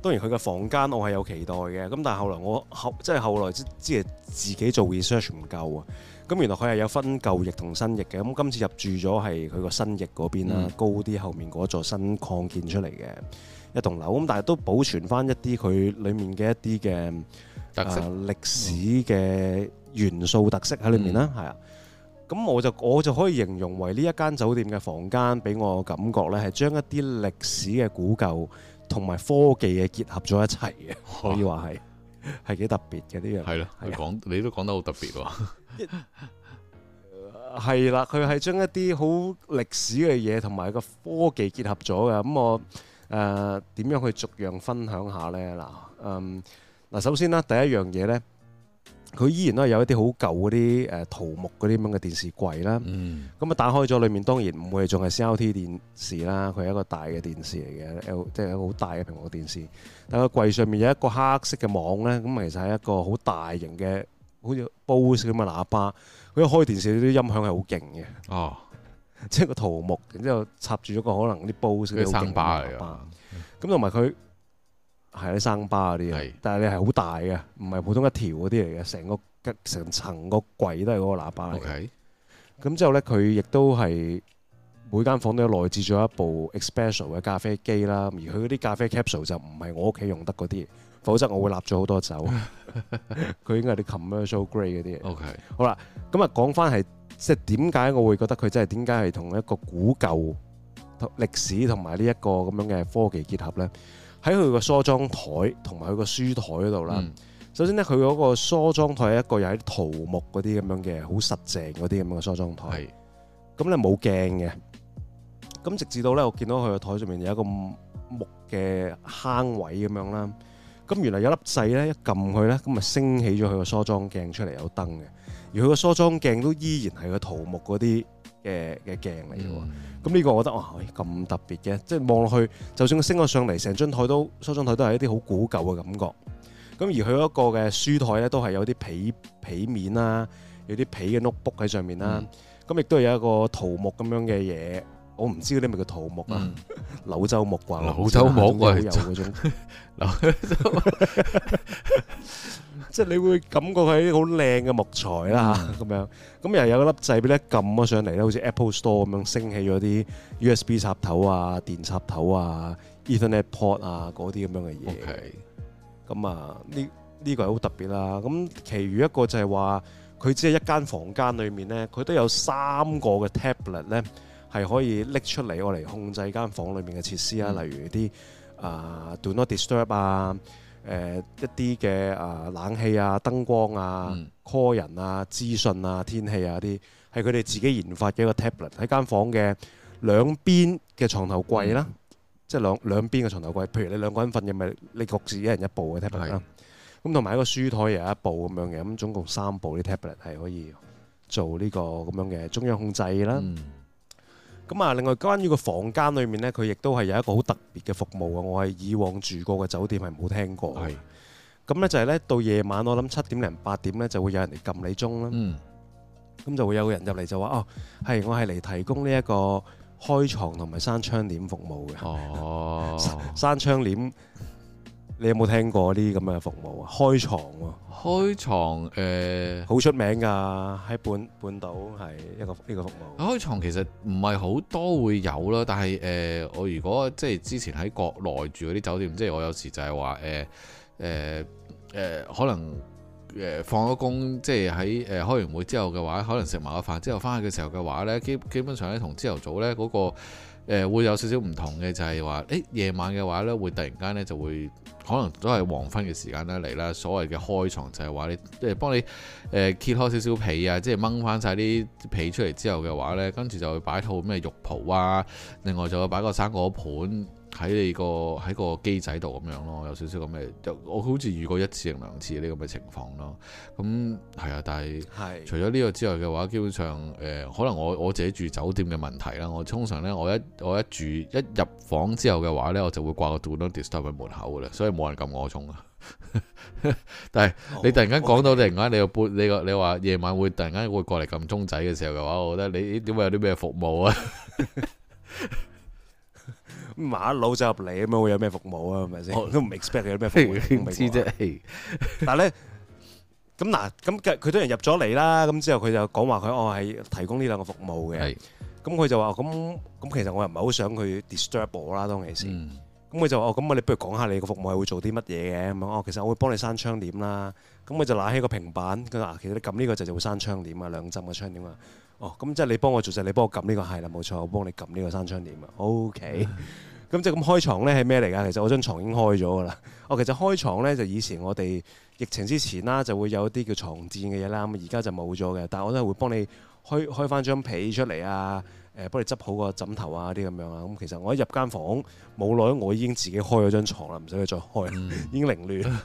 當然佢嘅房間我係有期待嘅，咁但係後來我後即係後來即係自己做 research 唔夠啊。咁原來佢係有分舊翼同新翼嘅，咁今次入住咗係佢個新翼嗰邊啦，高啲後面嗰座新擴建出嚟嘅一棟樓，咁但係都保存翻一啲佢裡面嘅一啲嘅特色歷史嘅元素特色喺裏面啦，係啊。咁我就我就可以形容為呢一間酒店嘅房間，俾我感覺咧係將一啲歷史嘅古舊同埋科技嘅結合咗一齊嘅，可以話係係幾特別嘅呢樣。係咯，你講你都講得好特別喎。係、 呃、啦，佢係將一啲好歷史嘅嘢同埋個科技結合咗㗎。咁我誒點、呃、樣去逐樣分享下呢？嗱、呃，嗯，嗱，首先啦，第一樣嘢呢，佢依然都係有一啲好舊嗰啲誒，桃木嗰啲咁嘅電視櫃啦。咁啊、嗯，打開咗裏面，當然唔會仲係 CRT 電視啦。佢係一個大嘅電視嚟嘅，即、就、係、是、一個好大嘅屏幕電視。但係櫃上面有一個黑色嘅網呢，咁其實係一個好大型嘅。好似 bose 咁嘅喇叭，佢一開電視，啲音響係好勁嘅。哦、啊，即係個桃木，然之後插住咗個可能啲 bose 啲。啲聲巴嚟㗎。咁同埋佢係啲生巴嗰啲但係你係好大嘅，唔係普通一條嗰啲嚟嘅，成個成層個,個櫃都係嗰個喇叭嘅。咁的之後咧，佢亦都係每間房都有內置咗一部 Espresso 嘅咖啡機啦，而佢嗰啲咖啡 capsule 就唔係我屋企用得嗰啲。否則我會立咗好多酒。佢應該係啲 commercial grade 嗰啲嘢。O K。好啦，咁啊講翻係即係點解我會覺得佢真係點解係同一個古舊歷史同埋呢一個咁樣嘅科技結合咧？喺佢個梳妝台同埋佢個書台嗰度啦。首先咧，佢嗰個梳妝台係一個又係桃木嗰啲咁樣嘅好實淨嗰啲咁樣嘅梳妝台。係。咁咧冇鏡嘅。咁直至到咧，我見到佢個台上面有一個木嘅坑位咁樣啦。咁原來有粒掣咧，一撳佢咧，咁咪升起咗佢個梳妝鏡出嚟，有燈嘅，而佢個梳妝鏡都依然係個桃木嗰啲嘅嘅鏡嚟嘅喎。咁呢、mm hmm. 個我覺得哇，咁、哎、特別嘅，即係望落去，就算佢升咗上嚟，成張台都梳妝台都係一啲好古舊嘅感覺。咁而佢一個嘅書台咧，都係有啲皮皮面啦，有啲皮嘅 notebook 喺上面啦，咁亦、mm hmm. 都係有一個桃木咁樣嘅嘢。我唔知嗰啲咪叫桃木啊，柳、嗯、州木啩？柳州木啊，有嗰種，種。即係州 你會感覺佢係啲好靚嘅木材啦，咁樣。咁、嗯、又、嗯、有一個粒掣俾你撳咗上嚟咧，好似 Apple Store 咁樣，升起咗啲 USB 插頭啊、電插頭啊、嗯、Ethernet port 啊嗰啲咁樣嘅嘢。咁 okay 啊，呢、這、呢個係好特別啦。咁，其餘一個就係話，佢只係一間房間裏面咧，佢都有三個嘅 tablet 咧。係可以拎出嚟，我嚟控制間房裏面嘅設施啊，嗯、例如啲啊、呃、do not disturb 啊，誒、呃、一啲嘅啊冷氣啊、燈光啊、call、嗯、人啊、資訊啊、天氣啊啲，係佢哋自己研發嘅一個 tablet 喺間房嘅兩邊嘅床頭櫃啦、啊，嗯、即係兩兩邊嘅床頭櫃，譬如你兩個人瞓嘅咪你各自一人一部嘅 tablet 啦是，咁同埋一個書台又有一部咁樣嘅，咁總共三部啲 tablet 係可以做呢個咁樣嘅中央控制啦、啊。嗯咁啊，另外關於個房間裏面呢，佢亦都係有一個好特別嘅服務啊！我係以往住過嘅酒店係冇聽過嘅。咁呢是就係、是、呢，到夜晚我諗七點零八點呢，就會有人嚟撳你鐘啦。咁、嗯、就會有個人入嚟就話：哦，係我係嚟提供呢一個開床同埋閂窗簾服務嘅。哦，閂 窗簾。你有冇聽過啲咁嘅服務啊？開牀喎，開牀誒，好出名㗎，喺半半島係一個呢個服務。開牀其實唔係好多會有啦，但係誒、呃，我如果即係之前喺國內住嗰啲酒店，即係我有時就係話誒誒誒，可能誒、呃、放咗工，即係喺誒開完會之後嘅話，可能食埋個飯之後翻去嘅時候嘅話呢，基基本上咧同朝頭早呢嗰個。誒會有少少唔同嘅，就係話，誒夜晚嘅話呢，會突然間呢就會，可能都係黃昏嘅時間呢嚟啦。所謂嘅開床就係話，你即係幫你誒揭開少少被啊，即係掹翻晒啲被出嚟之後嘅話呢，跟住就會擺套咩浴袍啊，另外就會擺個生果盤。喺你個喺個機仔度咁樣咯，有少少咁嘅，我好似遇過一次定兩次呢咁嘅情況咯。咁係啊，但係是除咗呢個之外嘅話，基本上誒、呃，可能我我自己住酒店嘅問題啦。我通常咧，我一我一住一入房之後嘅話咧，我就會掛個 Do not disturb 喺門口噶啦，所以冇人撳我鐘啊。 但係是好你突然間講到乖突然間你又撥你個你話夜晚會突然間會過嚟撳鐘仔嘅時候嘅話，我覺得你點會有啲咩服務啊？ 馬佬走入嚟咁樣會有咩服務啊？係咪先？我都唔 expect 佢有咩服務，唔知啫。但係咧，咁嗱，咁佢佢啲人入咗嚟啦，咁之後佢就講話佢哦係提供呢兩個服務嘅。咁佢就話咁咁其實我又唔係好想佢 disturb 我啦，當其時。咁佢就哦咁我你不如講下你個服務係會做啲乜嘢嘅咁樣哦。其實我會幫你閂窗簾啦。咁佢就揦起個平板，佢話其實你撳呢個就就會閂窗簾啊，兩浸嘅窗簾啊。哦，咁即係你幫我做晒，你幫我撳呢、呢個係啦，冇錯，我幫你撳呢個閂窗簾啊。OK，咁 即係咁開床咧係咩嚟噶？其實我張床已經開咗噶啦。哦，其實開床咧就以前我哋疫情之前啦，就會有啲叫床墊嘅嘢啦。咁而家就冇咗嘅，但係我都係會幫你開開翻張被出嚟啊，誒、呃、幫你執好個枕頭啊啲咁樣啊。咁其實我一入間房冇耐，我已經自己開咗張床啦，唔使佢再開，已經凌亂，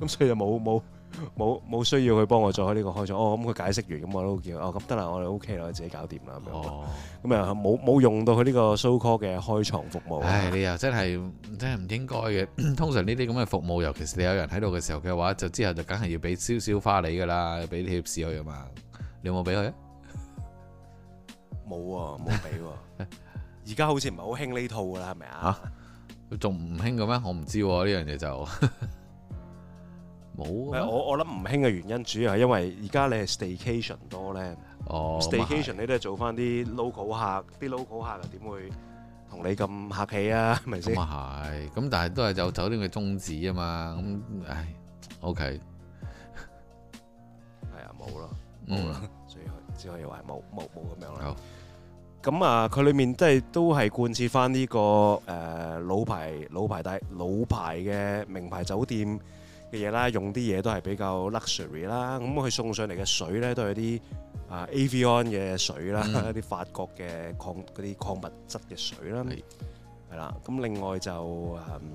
咁 所以就冇冇。冇冇需要佢幫我再開呢個開倉哦，咁、嗯、佢解釋完，咁、嗯、我都叫。哦，咁得啦，我哋 O K 啦，我自己搞掂啦咁樣，咁啊冇冇用到佢呢個蘇 l 嘅開倉服務。唉，你又真係真係唔應該嘅。通常呢啲咁嘅服務，尤其是你有人喺度嘅時候嘅話，就之後就梗係要俾少少花你噶啦，俾啲士 i 佢啊嘛。你有冇俾佢啊？冇冇俾。而家好似唔係好興呢套噶啦，係咪啊？仲唔興嘅咩？我唔知呢、啊、樣嘢就。 冇、啊、我我諗唔興嘅原因，主要係因為而家你係 staycation 多咧。哦，staycation 你都係做翻啲 local 客，啲 local 客又點會同你咁客氣啊？係咪先？係咁，但係都係有酒店嘅宗旨啊嘛。咁唉，OK，係啊，冇咯，冇咯，所以只可以話冇冇冇咁樣啦。咁好啊，佢裏面即係都係貫徹翻呢個誒、呃、老牌老牌大老牌嘅名牌酒店。嘅嘢啦，用啲嘢都係比較 luxury 啦。咁佢送上嚟嘅水咧，都係啲啊、呃、Avion 嘅水啦，啲 法國嘅礦啲礦物質嘅水啦，係啦是。咁另外就、嗯、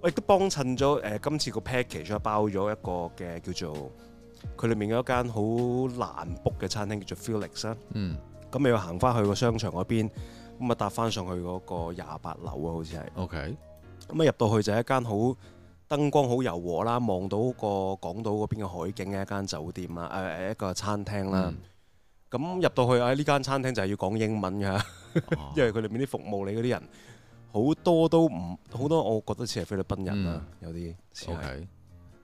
我亦都幫襯咗誒，今次個 package 包咗一個嘅叫做佢裏面有一間好難 book 嘅餐廳叫做 Felix 啦。嗯。咁你要行翻去個商場嗰邊，咁啊搭翻上去嗰個廿八樓啊，好似係。OK。咁啊入到去就係一間好，燈光好柔和啦，望到個港島嗰邊嘅海景嘅一間酒店啦，誒誒一個餐廳啦。咁入到去啊，呢間餐廳就係要講英文㗎，因為佢裏面啲服務你嗰啲人好多都唔好多，我覺得似係菲律賓人啦，有啲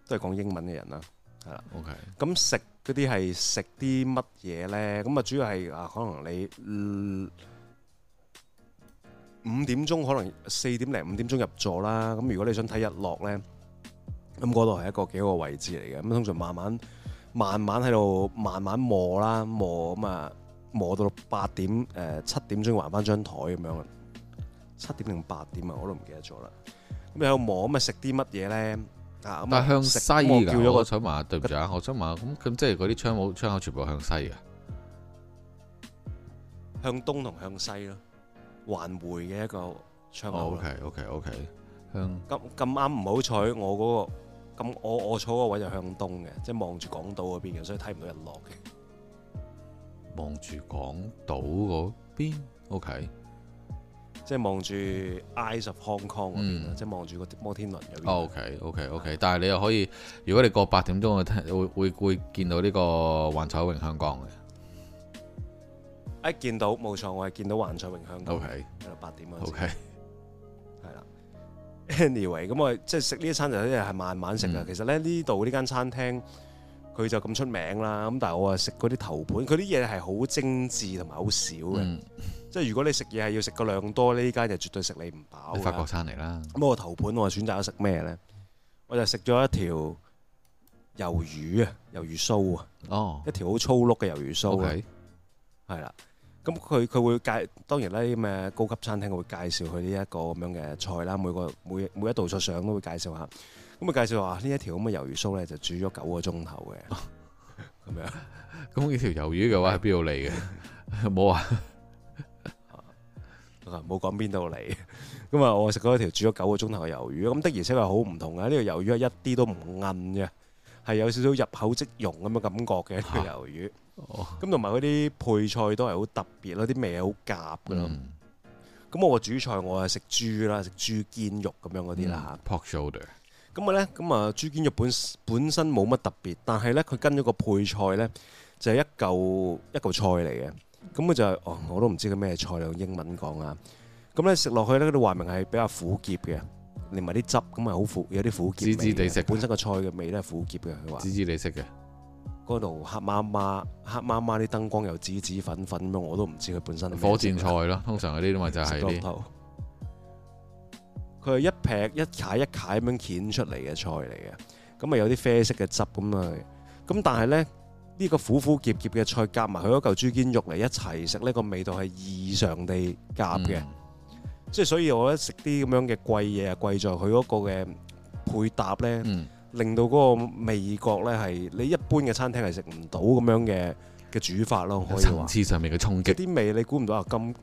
都係講英文嘅人啦，係啦。OK，咁食嗰啲係食啲乜嘢咧？咁啊主要係啊，可能你五點鐘可能四點零五點鐘入座啦。咁如果你想睇日落咧？咁嗰度係一個幾好位置嚟嘅，咁、嗯、通常慢慢、慢慢喺度、慢慢磨啦磨，咁啊磨到八點誒七、呃、點鐘還翻張台咁樣，七點零八點啊，我都唔記得咗啦。咁你喺度磨，咁啊食啲乜嘢咧？啊、嗯、向西噶、嗯、我，叫個我想問下對唔住啊？我想問下，咁咁即係嗰啲窗戶窗口全部向西嘅？向東同向西咯，環回嘅一個窗口。O K O K O K，向咁咁啱唔好彩，我嗰、那個。咁我我坐嗰位就向東嘅，即係望住港島嗰邊嘅，所以睇唔到日落嘅。望住港島嗰邊，OK。即係望住 Eye of Hong Kong 嗰邊、嗯、即係望住個摩天輪嗰邊。OK OK OK，啊、但係你又可以，如果你過八點鐘，我聽會會會見到呢個幻彩詠香江嘅。一、啊、見到冇錯，我係見到幻彩詠香江。OK，八點鐘 OK。anyway，咁我即係食呢一餐就係一係慢慢食啊。嗯、其實咧呢度呢間餐廳佢就咁出名啦。咁但係我話食嗰啲頭盤，佢啲嘢係好精緻同埋好少嘅。嗯、即係如果你食嘢係要食個量多，呢間就絕對食你唔飽。法國餐嚟啦。咁我個頭盤我話選擇咗食咩咧？我就食咗一條魷魚啊，魷魚酥啊，哦、一條好粗碌嘅魷魚酥啦，係啦 Okay.。咁佢佢會介，當然咧啲咩高級餐廳會介紹佢呢一個咁樣嘅菜啦，每個每每一道菜上都會介紹下。咁啊介紹話呢一條咁嘅魷魚鬚咧就煮咗九個鐘頭嘅，咁樣。咁呢條魷魚嘅話喺邊度嚟嘅？冇啊，冇講邊度嚟。咁啊我食過一條煮咗九個鐘頭嘅魷魚，咁的而且係好唔同嘅，呢條魷魚係一啲都唔韌嘅。係有少少入口即溶咁嘅感覺嘅一個魷魚，咁同埋嗰啲配菜都係好特別咯，啲味係好夾嘅咯。咁、嗯、我個主菜我係食豬啦，食豬肩肉咁樣嗰啲啦嚇。Pork shoulder、嗯。咁啊咧，咁啊豬肩肉本本身冇乜特別，但係咧佢跟咗個配菜咧，就係、是、一嚿一嚿菜嚟嘅。咁佢就係，哦，我都唔知佢咩菜，用英文講啊。咁咧食落去咧，佢都話明係比較苦澀嘅。連埋啲汁咁啊，好苦，有啲苦澀味。滋滋地食，本身個菜嘅味都係苦澀嘅。佢話滋滋地食嘅，嗰度黑麻麻、黑麻麻啲燈光又紫紫粉粉咁，我都唔知佢本身火箭菜咯，嗯、通常嗰啲咪就係佢係一劈一揂一揂咁樣鉗出嚟嘅菜嚟嘅，咁啊有啲啡色嘅汁咁啊，咁但係咧呢、呢個苦苦澀澀嘅菜夾埋佢嗰嚿豬肩肉嚟一齊食，呢個味道係異常地夾嘅。嗯即係所以，我覺得食啲咁樣嘅貴嘢啊，貴在佢嗰個嘅配搭咧，嗯、令到嗰個味覺咧係你一般嘅餐廳係食唔到咁樣嘅嘅煮法咯。可以話層次上面嘅衝擊，啲味你估唔到啊！咁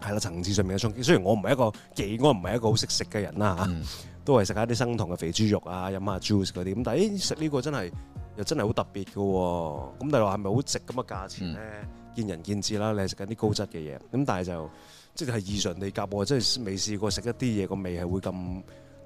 係啦，層次上面嘅衝擊。雖然我唔係一,一個，我唔係一個好識食嘅人啦嚇，嗯、都係食下啲生酮嘅肥豬肉啊，飲下 juice 嗰啲咁。但係食呢個真係又真係好特別嘅喎、啊。咁但係話係咪好值咁嘅價錢咧？嗯、見仁見智啦。你係食緊啲高質嘅嘢，咁但係就。即係異常地夾喎，即係未試過食一啲嘢個味係會咁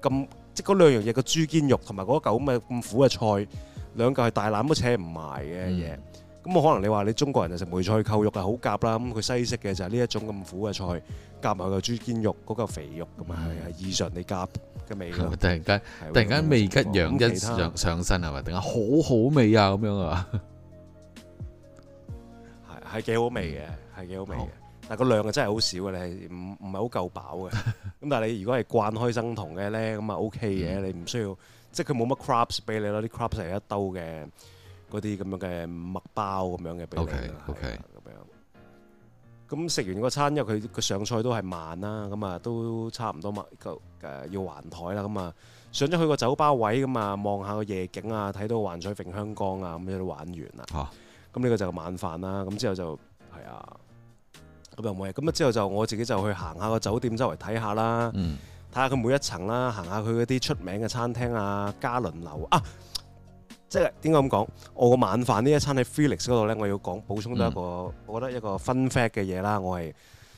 咁，即係嗰兩樣嘢個豬肩肉同埋嗰嚿咁嘅咁苦嘅菜，兩嚿係大纜都扯唔埋嘅嘢。咁可能你話你中國人就食梅菜扣肉係好夾啦，咁佢西式嘅就係呢一種咁苦嘅菜夾埋個豬肩肉嗰嚿肥肉咁啊，係異常地夾嘅味。突然間，突然間味吉揚吉上上身係咪？突然間好好味啊咁樣啊，係係幾好味嘅，係幾好味嘅。但個量真係好少嘅，你係唔唔係好夠飽嘅？咁但係你如果係慣開生酮嘅咧，咁啊 OK 嘅， 你唔需要，即係佢冇乜 carbs 俾你咯，啲 carbs 係一兜嘅嗰啲咁樣嘅麥包咁樣嘅俾你。OK 咁 okay .樣、啊。咁食完個餐，因為佢個上菜都係慢啦，咁啊都差唔多，要還台啦，咁啊上咗去個酒吧位咁啊，望下個夜景啊，睇到環水揈香江啊，咁樣都玩完啦。咁呢、uh. 個就晚飯啦，咁之後就係啊。有冇？咁啊，之後就我自己就去行下個酒店周圍睇下啦，睇下佢每一層啦，行下佢嗰啲出名嘅餐廳啊，嘉麟樓啊，即係點解咁講？我個晚飯呢一餐喺 Felix 嗰度咧，我要講補充多一個，我覺得一個 fun fact 嘅嘢啦。我係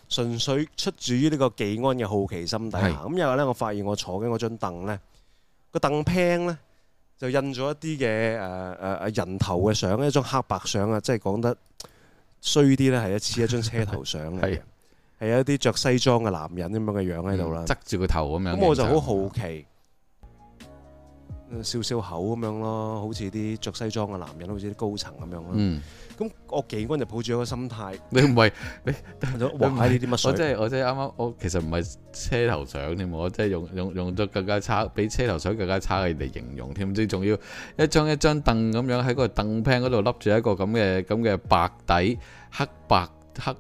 純粹出自於呢個寄安嘅好奇心底下。咁有咧，我發現我坐緊嗰張凳咧，個凳 pane 咧就印咗一啲嘅誒誒誒人頭嘅相，一張黑白相啊，即係講得。衰啲咧，係一黐一張車頭相嚟，係 有一啲着西裝嘅男人咁樣嘅、嗯、樣喺度啦，側住個頭咁樣。咁我就好好奇。笑笑口咁樣咯，好似啲着西裝嘅男人，好似啲高層咁樣啦。咁、嗯、我景官就抱住一個心態，你唔係你，但係啲乜水我？我真係我真係啱啱，我其實唔係車頭相添，我真係用用用咗更加差，比車頭相更加差嘅嚟形容添。唔知仲要一張一張凳咁樣喺個凳 pan 嗰度笠住一個咁嘅咁嘅白底黑白黑。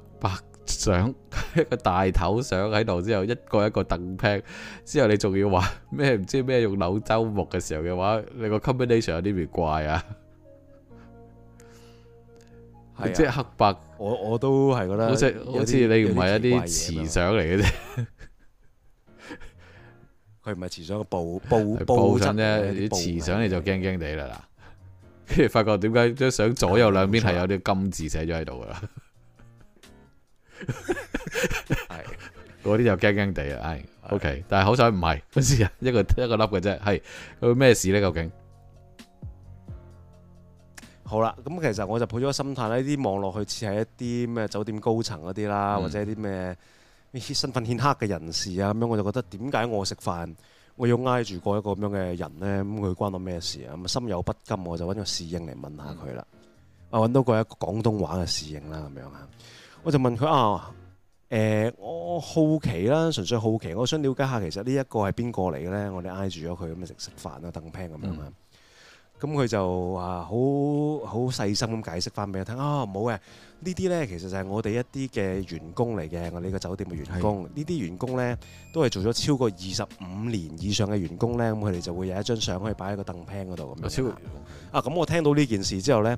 相一個大頭相喺度，之後一個一個凳劈之後你仲要話咩唔知咩用柳州木嘅時候嘅話，你個 combination 有啲奇怪啊。係即係黑白 I，我，我我都係覺得，好似好似你唔係一啲瓷相嚟嘅啫。佢唔係瓷相，布布布質啫。啲瓷相你就驚驚哋啦，跟住發覺點解張相左右兩邊係有啲金字寫咗喺度噶啦。係， 嗰啲就驚驚地啊！係，OK，但係好彩唔係，嗰時一個一個粒嘅啫，係、哎，佢咩事呢？究竟 ？好啦，咁其實我就抱咗個心態呢啲望落去似係一啲咩酒店高層嗰啲啦，或者一啲咩身份顯赫嘅人士啊咁樣，嗯、我就覺得點解我食飯我要挨住過一個咁樣嘅人呢？咁佢關我咩事啊？咁心有不甘，我就揾個侍應嚟問下佢啦。嗯、我揾到一個廣東話嘅侍應啦，咁樣吓。我就問佢啊，誒，我好奇啦，純粹好奇，我想了解下其實呢一個係邊個嚟呢？我哋挨住咗佢咁啊食食飯啦，凳拼咁樣啦。咁佢就話好好細心咁解釋翻俾我聽啊，唔好嘅，呢啲呢其實就係我哋一啲嘅員工嚟嘅，我哋個酒店嘅員工。呢啲員工呢都係做咗超過二十五年以上嘅員工呢，咁佢哋就會有一張相可以擺喺個凳拼嗰度咁。超啊！咁我聽到呢件事之後呢。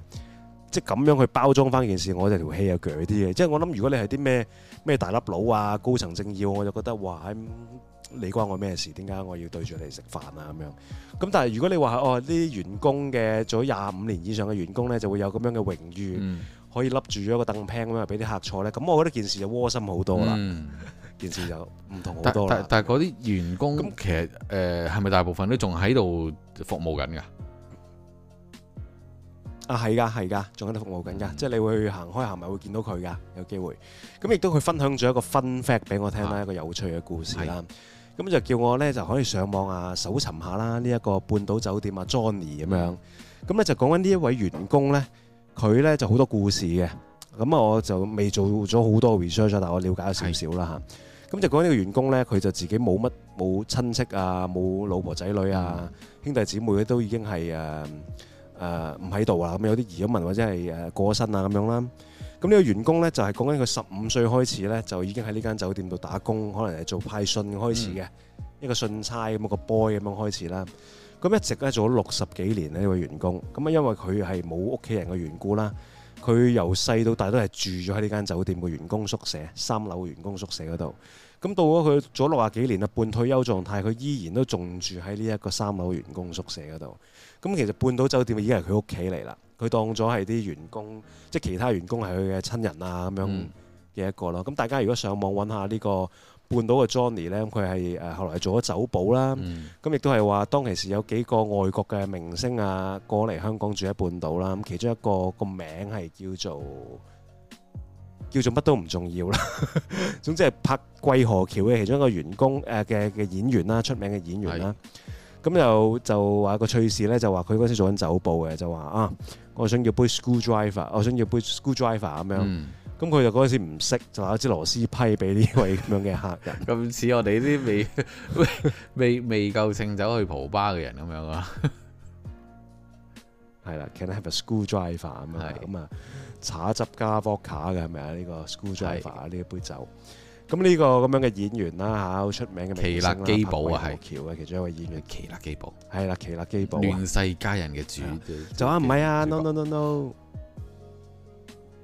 即咁樣去包裝翻件事，我哋條氣又鋸啲嘅。即係我諗，如果你係啲咩咩大粒佬啊、高層政要，我就覺得哇、嗯，你關我咩事？點解我要對住你食飯啊？咁樣。咁但係如果你話哦，啲員工嘅做咗廿五年以上嘅員工咧，就會有咁樣嘅榮譽，嗯、可以笠住咗個凳 pan 咁樣俾啲客坐咧。咁我覺得件事就窩心好多啦。嗯、 件事就唔同好多啦。但但但嗰啲員工、嗯、其實誒係咪大部分都仲喺度服務緊㗎？啊，係噶，係噶，仲喺度服務緊噶，嗯、即係你會去行開行埋會見到佢噶，有機會。咁亦都佢分享咗一個 fun fact 俾我聽啦，嗯、一個有趣嘅故事啦。咁的就叫我咧就可以上網啊搜尋下啦，呢一個半島酒店啊 Johnny 咁樣。咁咧、嗯、就講緊呢一位員工咧，佢咧就好多故事嘅。咁我就未做咗好多 research，但我了解咗少少啦嚇。咁的就講緊呢個員工咧，佢就自己冇乜冇親戚啊，冇老婆仔女啊，嗯、兄弟姊妹都已經係誒。啊啊啊誒唔喺度啦，咁、呃嗯、有啲移民或者係誒、呃、過身啊咁樣啦。咁呢個員工呢，就係講緊佢十五歲開始呢，就已經喺呢間酒店度打工，可能係做派信開始嘅、嗯、一個信差咁個 boy 咁樣開始啦。咁一直呢，做咗六十幾年咧呢、呢個員工。咁啊因為佢係冇屋企人嘅緣故啦，佢由細到大都係住咗喺呢間酒店嘅員工宿舍三樓員工宿舍嗰度。咁到咗佢做咗六十幾年啊半退休狀態，佢依然都仲住喺呢一個三樓員工宿舍嗰度。咁其實半島酒店已經係佢屋企嚟啦，佢當咗係啲員工，即係其他員工係佢嘅親人啊咁樣嘅一個咯。咁大家如果上網揾下呢個半島嘅 Johnny 咧，咁佢係誒後來做咗酒保啦。咁亦都係話當其時有幾個外國嘅明星啊過嚟香港住喺半島啦。咁其中一個個名係叫做叫做乜都唔重要啦。總之係拍《桂河橋》嘅其中一個員工誒嘅嘅演員啦，出名嘅演員啦。咁又就話個趣事咧，就話佢嗰陣時做緊酒保嘅，就話啊，我想要杯 school driver，我想要杯 school driver 咁樣。咁佢、嗯、就嗰陣時唔識，就攞一支螺絲批俾呢位咁樣嘅客人。咁似 我哋啲未 未未，未夠秤走去蒲吧嘅人咁樣啊。係啦 ，can I have a school driver 咁啊？咁啊是，茶汁加 vodka 嘅係咪啊？呢、呢個 school driver 呢是一杯酒。咁呢個咁樣嘅演員啦嚇，好出名嘅奇勒基寶啊，係橋嘅其中一位演員，奇勒基寶係啦，奇勒基寶亂世佳人嘅主，的主就話唔係啊寶 no，no no no no，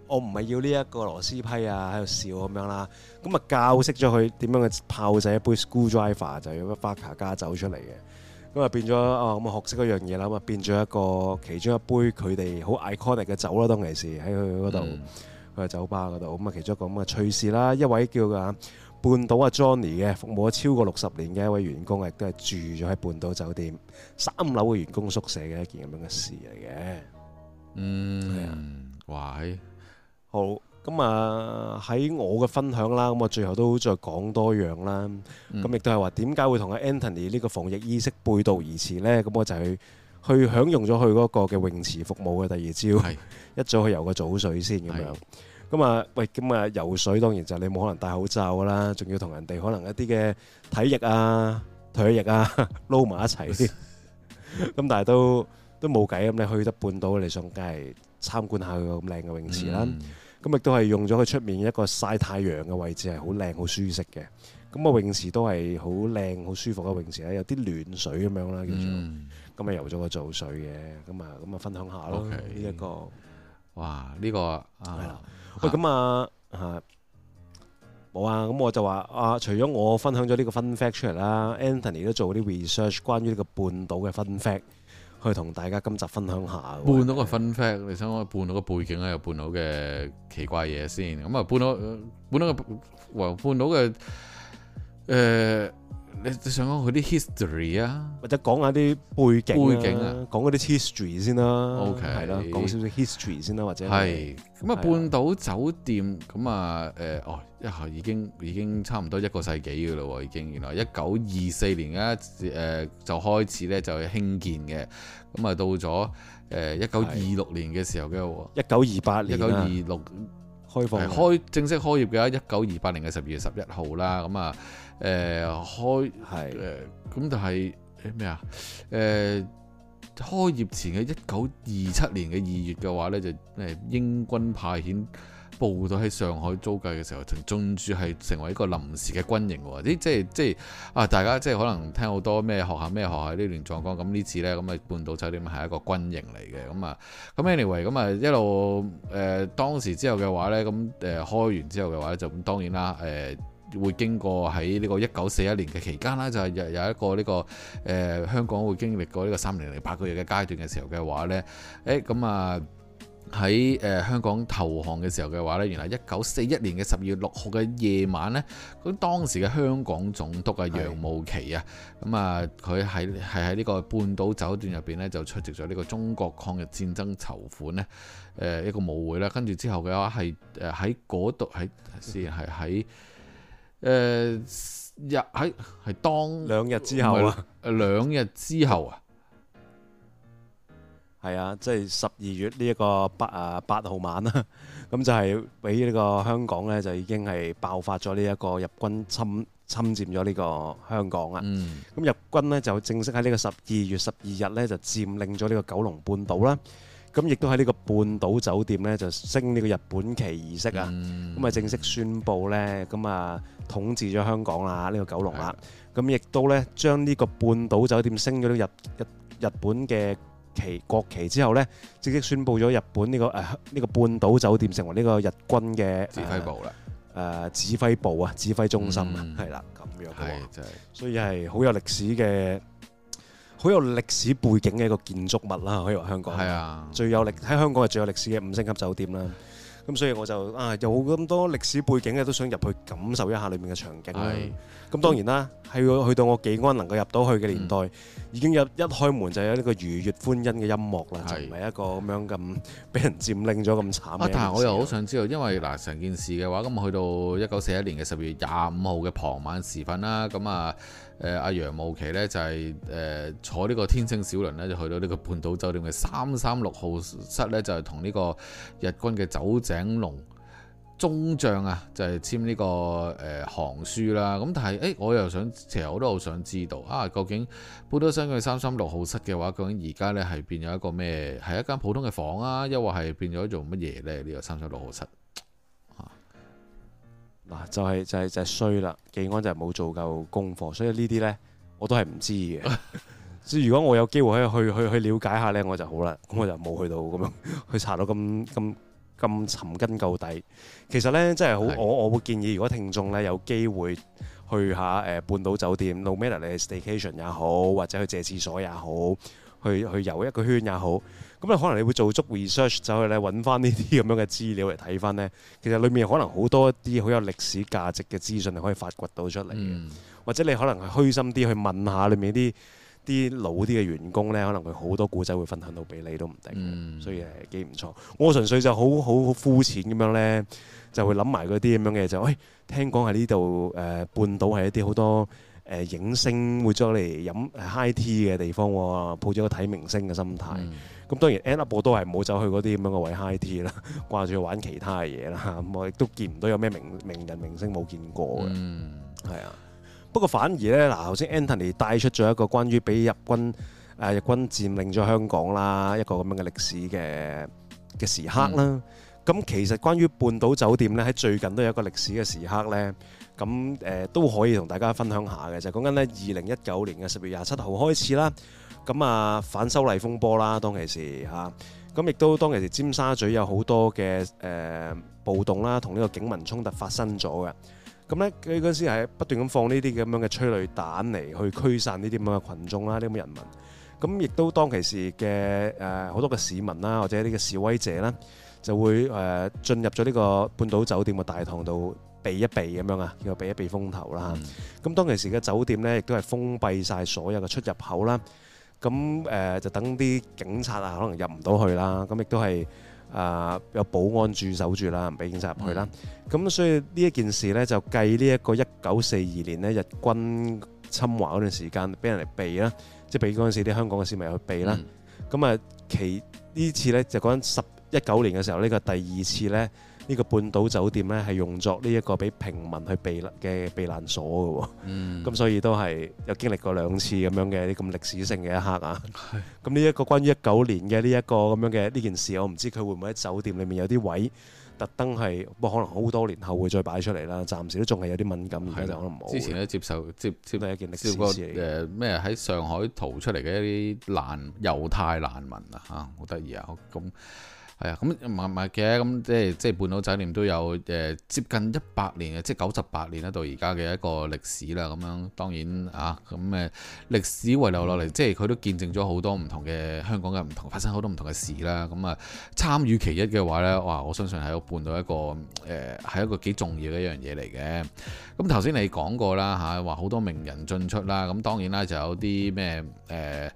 我唔係要呢一個螺絲批啊喺度笑咁樣啦，咁啊教識咗佢點樣去炮製一杯 school driver 就有一卡加酒出嚟嘅，咁啊變咗啊咁啊學識一樣嘢啦嘛，變咗一個其中一杯佢哋好 iconic 嘅酒啦，當其時喺佢嗰度，嗯酒吧嗰度，咁啊，其中一個咁啊，趣事啦，一位叫啊半島阿 Johnny 嘅，服務咗超過六十年嘅一位員工，亦都係住咗喺半島酒店三樓嘅員工宿舍嘅一件咁樣嘅事嚟嘅。嗯，係啊嗎，喂喂！好咁啊，喺我嘅分享啦，咁我最後都再講多樣啦。咁、嗯、亦都係話點解會同阿 Anthony 呢個防疫意識背道而馳呢？咁我就去去享用咗佢嗰個嘅泳池服務嘅第二朝，是 一早去游個早水先咁樣。咁啊，喂，咁啊游水當然就你冇可能戴口罩噶啦，仲要同人哋可能一啲嘅體液啊、唾液啊撈埋一齊先。咁但係都都冇計，咁你去得半島，你上街係，參觀下佢咁靚嘅泳池啦。咁亦都係用咗佢出面一個曬太陽嘅位置係好靚好舒適嘅。咁啊泳池都係好靚好舒服嘅泳池咧，有啲暖水咁樣啦，叫做。咁啊游咗個做水嘅，咁啊咁啊分享下咯呢一個。哇！呢個係啦。喂，咁啊嚇，冇、嗯、啊！咁、嗯、我、嗯嗯、就話啊，除咗我分享咗呢個分 fact 出嚟啦，Anthony 都做啲 research 關於呢個半島嘅分 fact，去同大家今集分享下。半島嘅分 fact，你想我半島嘅背景咧，又半島嘅奇怪嘢先。咁啊，半島，半島嘅，哇、呃，半島嘅，誒。你你想講佢啲 history 啊，或者講下啲背景啊，講嗰啲 history 先啦，OK，係咯，講少少 history 先啦，或者係咁啊，半島酒店咁啊，誒哦的，一下、嗯、已經已經差唔多一個世紀噶啦，已經原來一九二四年啊，誒就開始咧就興建嘅，咁啊到咗誒一九二六年嘅時候嘅喎，一九二八年、啊，一九二六開放，開正式開業嘅一九二八年嘅十二月十一號啦，咁啊。誒、呃、開係誒咁，但係咩啊？誒、欸呃、開業前嘅一九二七年嘅二月嘅話咧，就誒英軍派遣部隊喺上海租界嘅時候，曾進駐係成為一個臨時嘅軍營喎。啲即係即係啊！大家即係可能聽好多咩學校咩學校段呢段狀況，咁呢次咧，咁、嗯、啊半島酒店係一個軍營嚟嘅。咁、嗯、啊咁 anyway 咁、嗯、啊一路誒、呃、當時之後嘅話咧，咁、嗯、誒開完之後嘅話咧，就咁當然啦誒。呃會經過喺呢個一九四一年嘅期間啦，就係、是、有有一個呢、這個誒、呃、香港會經歷過呢個三年零八個月嘅階段嘅時候嘅話呢，誒咁啊喺誒香港投降嘅時候嘅話呢，原來一九四一年嘅十二月六號嘅夜晚呢，咁當時嘅香港總督啊楊慕琦是啊，咁啊佢喺係喺呢個半島酒店入邊呢，就出席咗呢個中國抗日戰爭籌款呢誒、呃、一個舞會啦，跟住之後嘅話係誒喺嗰度喺先係喺。誒日喺係當兩日之後啊，誒兩日之後啊，係 啊，即係十二月呢一個八啊八號晚啦，咁 就係俾呢個香港咧就已經係爆發咗呢一個日軍侵侵佔咗呢個香港啦。咁、嗯、日軍呢，就正式喺呢個十二月十二日咧就佔領咗呢個九龍半島啦。咁亦都喺呢個半島酒店咧，就升呢個日本旗儀式啊，咁啊、嗯、正式宣布咧，咁啊統治咗香港啦，呢、呢個九龍啦。咁亦的都咧將呢個半島酒店升咗啲日日日本嘅旗國旗之後咧，正式宣布咗日本呢、呢個誒呢、啊呢個半島酒店成為呢個日軍嘅指揮部啦，誒、呃、指揮部啊，指揮中心啊，係啦、嗯，咁樣嘅，的所以係好有歷史嘅。好有歷史背景嘅一個建築物啦，可以話香港係啊，最有歷喺香港係最有歷史嘅五星級酒店啦。咁、嗯、所以我就啊有咁多歷史背景嘅都想入去感受一下裏面嘅場景。咁是當然啦，喺去到我幾安能夠入到去嘅年代，嗯、已經有一開門就有呢個愉悅歡欣嘅音樂啦，是就唔係一個咁樣咁俾人佔領咗咁慘、啊。但係我又好想知道，因為嗱成、嗯、件事嘅話，咁我去到一九四一年嘅十月廿五號嘅傍晚時分啦，咁啊。誒阿楊慕琦呢，就係、是、誒、呃、坐呢個天星小輪呢，呢，就去到呢個半島酒店嘅三三六號室呢，就係同呢個日軍嘅酒井隆中將啊，就係簽呢個誒、呃、行書啦，咁但係誒我又想，其實我都好想知道啊，究竟半島酒店三三六號室嘅話，究竟而家呢係變咗一個咩，係一間普通嘅房啊，抑或係變咗做乜嘢呢？呢、這個三三六號室？嗱、就係，就係、係、就係、係、就係衰啦，記安就係冇做夠功課，所以呢啲呢我都係唔知嘅。即 如果我有機會可以去去去，去了解下呢，我就好啦。咁我就冇去到咁樣去查到咁咁咁尋根究底。其實呢，真係好，我我會建議如果聽眾呢有機會去下誒、呃、半島酒店、no matter 你嚟 staycation 也好，或者去借廁所也好，去去遊一個圈也好。咁咧，嗯、可能你會做足 research 走去咧，揾翻呢啲咁樣嘅資料嚟睇翻咧，其實裏面可能好多一啲好有歷史價值嘅資訊，你可以發掘到出嚟嘅。嗯、或者你可能係虛心啲去問下裏面啲啲老啲嘅員工咧，可能佢好多故仔會分享到俾你都唔定。嗯、所以係幾唔錯。我純粹就好好好膚淺咁樣咧，就會諗埋嗰啲咁樣嘅就，誒、哎、聽講喺呢度誒半島係一啲好多。誒影星會將嚟飲 high tea 嘅地方喎，抱住一個睇明星嘅心態。咁當然，end up 我都係唔好走去嗰啲咁樣嘅位 high tea 啦，掛住玩其他嘅嘢啦嚇。咁我亦都見唔到有咩名名人明星冇見過嘅，係啊。不過反而咧，嗱頭先 Anthony 帶出咗一個關於俾日軍誒日軍佔領咗香港啦，一個咁樣嘅歷史嘅嘅時刻啦。咁其實關於半島酒店呢，喺最近都有一個歷史嘅時刻呢。咁誒都可以同大家分享下嘅，就講緊呢二零一九年嘅十月廿七號開始啦。咁啊反修例風波啦，當其時嚇咁亦都當其時，尖沙咀有好多嘅誒暴動啦，同呢個警民衝突發生咗嘅。咁呢佢嗰時係不斷咁放呢啲咁樣嘅催淚彈嚟去驅散呢啲咁嘅群眾啦，呢啲咁人民咁亦都當其時嘅誒好多嘅市民啦，或者呢個示威者啦。就會誒、呃、進入咗呢個半島酒店嘅大堂度避一避咁樣啊，叫避一避風頭啦。咁、嗯、當其時嘅酒店呢，亦都係封閉晒所有嘅出入口啦。咁誒、呃、就等啲警察啊，可能入唔到去啦。咁亦都係啊、呃、有保安駐守住啦，唔俾警察入去啦。咁、嗯、所以呢一件事呢，就計呢一個一九四二年咧日軍侵華嗰段時間，俾人哋避啦，即係避嗰陣時啲香港嘅市民去避啦。咁啊、嗯，其呢次呢，就講緊十一九年嘅時候，呢個第二次呢，呢個半島酒店呢，係用作呢一個俾平民去避嘅避難所嘅喎。咁、嗯嗯、所以都係有經歷過兩次咁樣嘅啲咁歷史性嘅一刻啊。係是。咁呢一個關於一九年嘅呢一個咁樣嘅呢件事，我唔知佢會唔會喺酒店裡面有啲位特登係，可能好多年後會再擺出嚟啦。暫時都仲係有啲敏感，可能唔好。之前接受接接都係一件歷史事。誒咩？喺、呃、上海逃出嚟嘅一啲難猶太難民啊！嚇，好得意啊！咁。係啊，咁唔係，唔係嘅，咁即係即係半島酒店都有誒接近一百年嘅，即係九十八年啦，到而家嘅一個歷史啦，咁樣當然啊，咁誒歷史遺留落嚟，即係佢都見證咗好多唔同嘅香港嘅唔同，發生好多唔同嘅事啦，咁啊參與其一嘅話咧，哇，我相信係個半島一個誒係、呃、一個幾重要嘅一樣嘢嚟嘅。咁頭先你講過啦，嚇話好多名人進出啦，咁、啊、當然啦就有啲咩誒。呃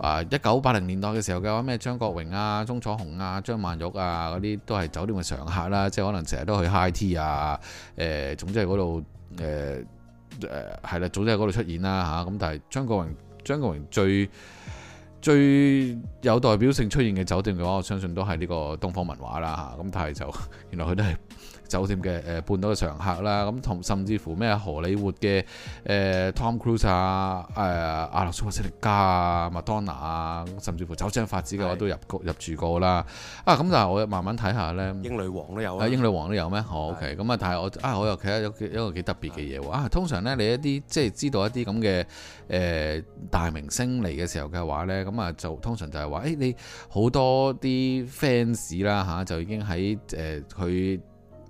啊！一九八零年代嘅時候嘅話，咩張國榮啊、鍾楚紅啊、張曼玉啊嗰啲都係酒店嘅常客啦，即係可能成日都去 high tea 啊，誒、呃，總之係嗰度，誒、呃、誒，係、呃、啦，總之係嗰度出現啦嚇。咁、啊、但係張國榮，張國榮最最有代表性出現嘅酒店嘅話，我相信都係呢個東方文華啦嚇。咁、啊、但係就原來佢都係，酒店嘅誒半島嘅常客啦，咁同甚至乎咩荷里活嘅誒 Tom Cruise 啊、誒阿諾舒華辛力加啊、麥當娜啊，甚至乎酒井法子嘅話都入入住過啦。啊，咁但係我慢慢睇下咧，英女王都有啊，英女王都有咩？好 OK，咁啊但係我啊，我又睇下有一個幾特別嘅嘢喎。啊，通常咧你一啲即係知道一啲咁嘅誒大明星嚟嘅時候嘅話咧，咁啊就通常就係話誒你好多啲 fans 啦嚇，就已經喺誒佢。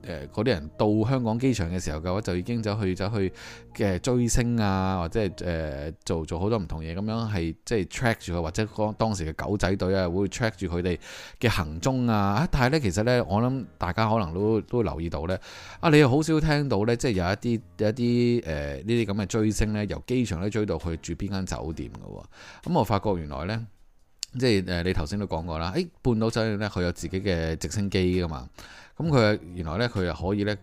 誒嗰啲人到香港機場嘅時候嘅話，就已經走去走去嘅追星啊，或者係誒、呃、做做好多唔同嘢咁樣，係即係 track 住佢，或者當當時嘅狗仔隊啊會 track 住佢哋嘅行蹤啊。但係呢，其實呢，我諗大家可能都都留意到呢。啊，你又好少聽到呢，即係有一啲有一啲誒呢啲咁嘅追星呢，由機場呢追到去住邊間酒店㗎喎，哦。咁、嗯、我發覺原來呢，即係誒、呃、你頭先都講過啦，誒、哎、半島酒店呢佢有自己嘅直升機㗎嘛。咁佢原來咧，佢又可以咧，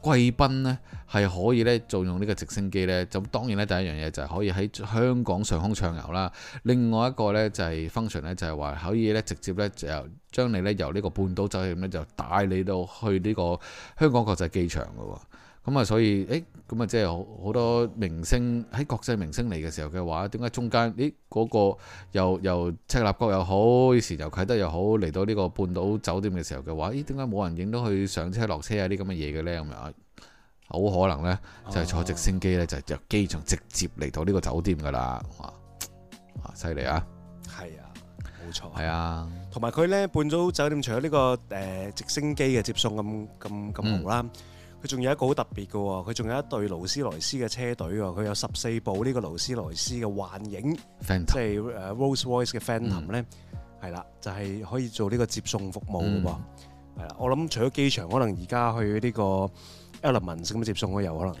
貴賓呢，係可以咧，做用呢個直升機呢。咁當然咧，第一樣嘢就係可以喺香港上空暢遊啦。另外一個呢，就係 function 呢，就係話可以呢，直接呢，就將你呢，由呢個半島酒店呢，就帶你到去呢個香港國際機場㗎喎。咁啊，所以，誒，咁啊，即係好多明星喺國際明星嚟嘅時候嘅話，點解中間，咦，嗰個又又赤鱲角又好，由時又啟德又好，嚟到呢個半島酒店嘅時候嘅話，咦，點解冇人影到佢上車落車啊？啲咁嘅嘢嘅呢？咁啊，好可能呢，就係坐直升機呢，啊、就由機場直接嚟到呢個酒店㗎喇，哇，犀利啊，啊！係啊，冇錯，係啊，同埋佢呢，半島酒店除咗呢個誒直升機嘅接送咁咁咁好啦。佢仲有一個好特別嘅喎，佢仲有一隊勞斯萊斯嘅車隊喎，佢有十四部呢個勞斯萊斯嘅幻影，Phantom，即係 Rolls-Royce 嘅 Phantom 咧，係啦，就係、是、可以做呢個接送服務嘅喎。係啦、嗯，我諗除咗機場，可能而家去呢個 Elements 咁接送都有可能，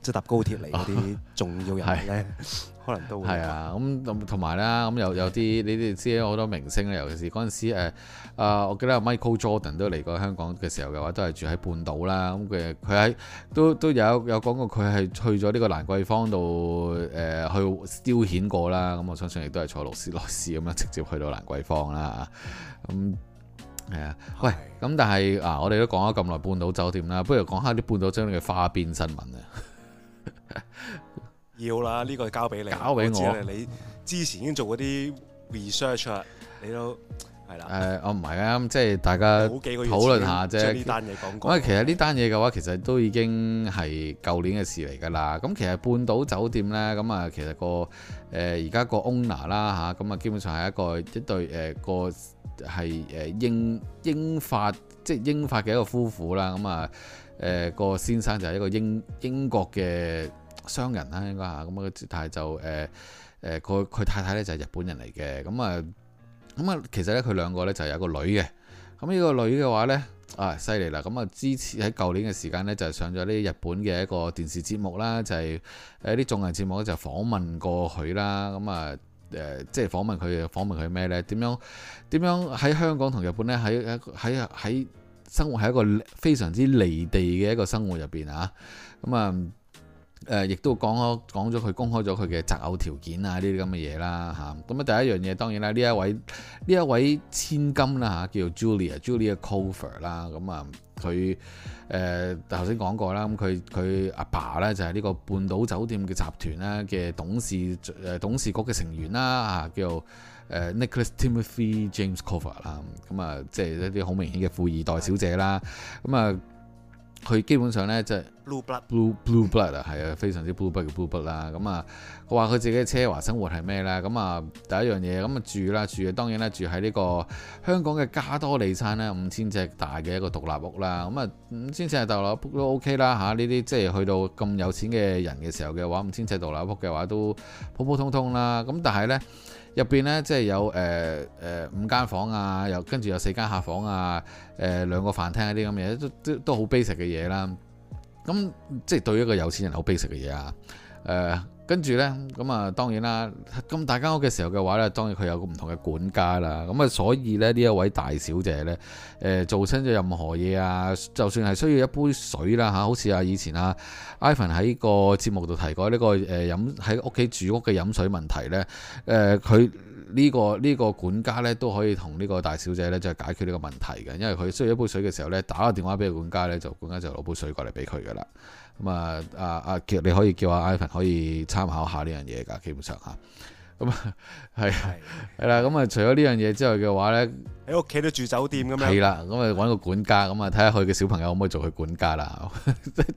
即係搭高鐵嚟嗰啲重要人咧。 可能都係啊！咁同埋啦，咁有、嗯、有啲你哋知好多明星啦，尤其是嗰陣時啊、呃！我記得 Michael Jordan 都嚟過香港嘅時候嘅話，都係住喺半島啦。咁佢佢喺都都有有講過，佢係去咗呢個蘭桂坊度誒、呃、去消遣過啦。咁、嗯、我相信亦都係坐勞斯萊斯咁樣直接去到蘭桂坊啦。咁係啊，呃、是的 喂！咁、嗯、但係啊，我哋都講咗咁耐半島酒店啦，不如講下啲半島酒店嘅花邊新聞啊！ 要啦，呢、呢個交俾你，交俾我。我你之前已經做嗰啲 research 啦，你都係啦。誒、呃，我唔係啊，即係大家討論下啫。呢單嘢講講，其實呢單嘢嘅話，其實都已經係舊年嘅事嚟噶啦。咁其實半島酒店咧，咁啊，其實個誒而家個 owner 啦嚇，咁啊，基本上係一個一對誒個係誒英英法即係英法嘅一個夫婦啦。咁啊誒個先生就係一個英英國嘅。商人啦，應該嚇咁啊！就呃呃、太太就誒誒，佢佢太太咧就係日本人嚟嘅，咁啊咁啊，其實咧佢兩個咧就係、是、有一個女嘅，咁、嗯、呢、呢個女嘅話咧啊犀利啦！咁啊，之前喺舊年嘅時間咧就係上咗呢日本嘅一個電視節目啦，就係誒啲綜藝節目就訪問過佢啦，咁啊誒，即係訪問佢，訪問佢咩咧？點樣點樣喺香港同日本咧？喺喺喺生活喺一個非常之離地嘅一個生活入邊啊！咁、嗯、啊～、嗯誒，亦、呃、都講開講咗佢公開咗佢嘅擇偶條件啊，呢啲咁嘅嘢啦嚇。咁啊，第一樣嘢當然啦，呢一位呢一位千金啦嚇、啊，叫 ia, Julia Julia Cover 啦。咁啊，佢誒頭先講過啦，咁佢佢阿爸咧就係、是、呢個半島酒店嘅集團咧嘅董事誒、呃、董事局嘅成員啦嚇、啊，叫誒 Nicholas Timothy James Cover 啦、啊。咁啊，即係一啲好明顯嘅富二代小姐啦。咁啊。啊佢基本上咧就係 blue blood，blue blue blood 啊，係啊，非常之 blue blood 嘅 blue blood 啦。咁啊，佢話佢自己嘅奢華生活係咩咧？咁啊，第一樣嘢咁啊住啦，住，住當然咧住喺呢個香港嘅加多利山咧五千尺大嘅一個獨立屋啦。咁啊五千尺獨立屋都 OK 啦、啊、嚇，呢啲即係去到咁有錢嘅人嘅時候嘅話，五千尺獨立屋嘅話都普普通通啦。咁、啊、但係咧。入邊咧，即係有誒誒、呃呃、五間房啊，又跟住有四間客房啊，誒、呃、兩個飯廳嗰啲咁嘅嘢，都都好 basic 嘅嘢啦。咁即係對於一個有錢人好 basic 嘅嘢啊，誒、呃。跟住呢，咁啊當然啦，咁大間屋嘅時候嘅話呢，當然佢有個唔同嘅管家啦。咁啊，所以呢，呢一位大小姐呢，誒、呃、做親咗任何嘢啊，就算係需要一杯水啦嚇、啊，好似啊以前啊，Ivan 喺個節目度提過呢、呢個誒飲喺屋企住屋嘅飲水問題呢，誒佢呢個呢、呢個管家呢都可以同呢個大小姐呢就係、解決呢個問題嘅，因為佢需要一杯水嘅時候呢，打個電話俾個管家呢，就管家就攞杯水過嚟俾佢噶啦。咁、嗯、啊，啊啊，其實你可以叫阿 Ivan 可以參考下呢樣嘢噶，基本上吓，咁啊係係啦，咁、嗯、啊除咗呢樣嘢之外嘅話咧，喺屋企都住酒店咁樣，係啦，咁啊揾個管家，咁啊睇下佢嘅小朋友可唔可以做佢管家啦，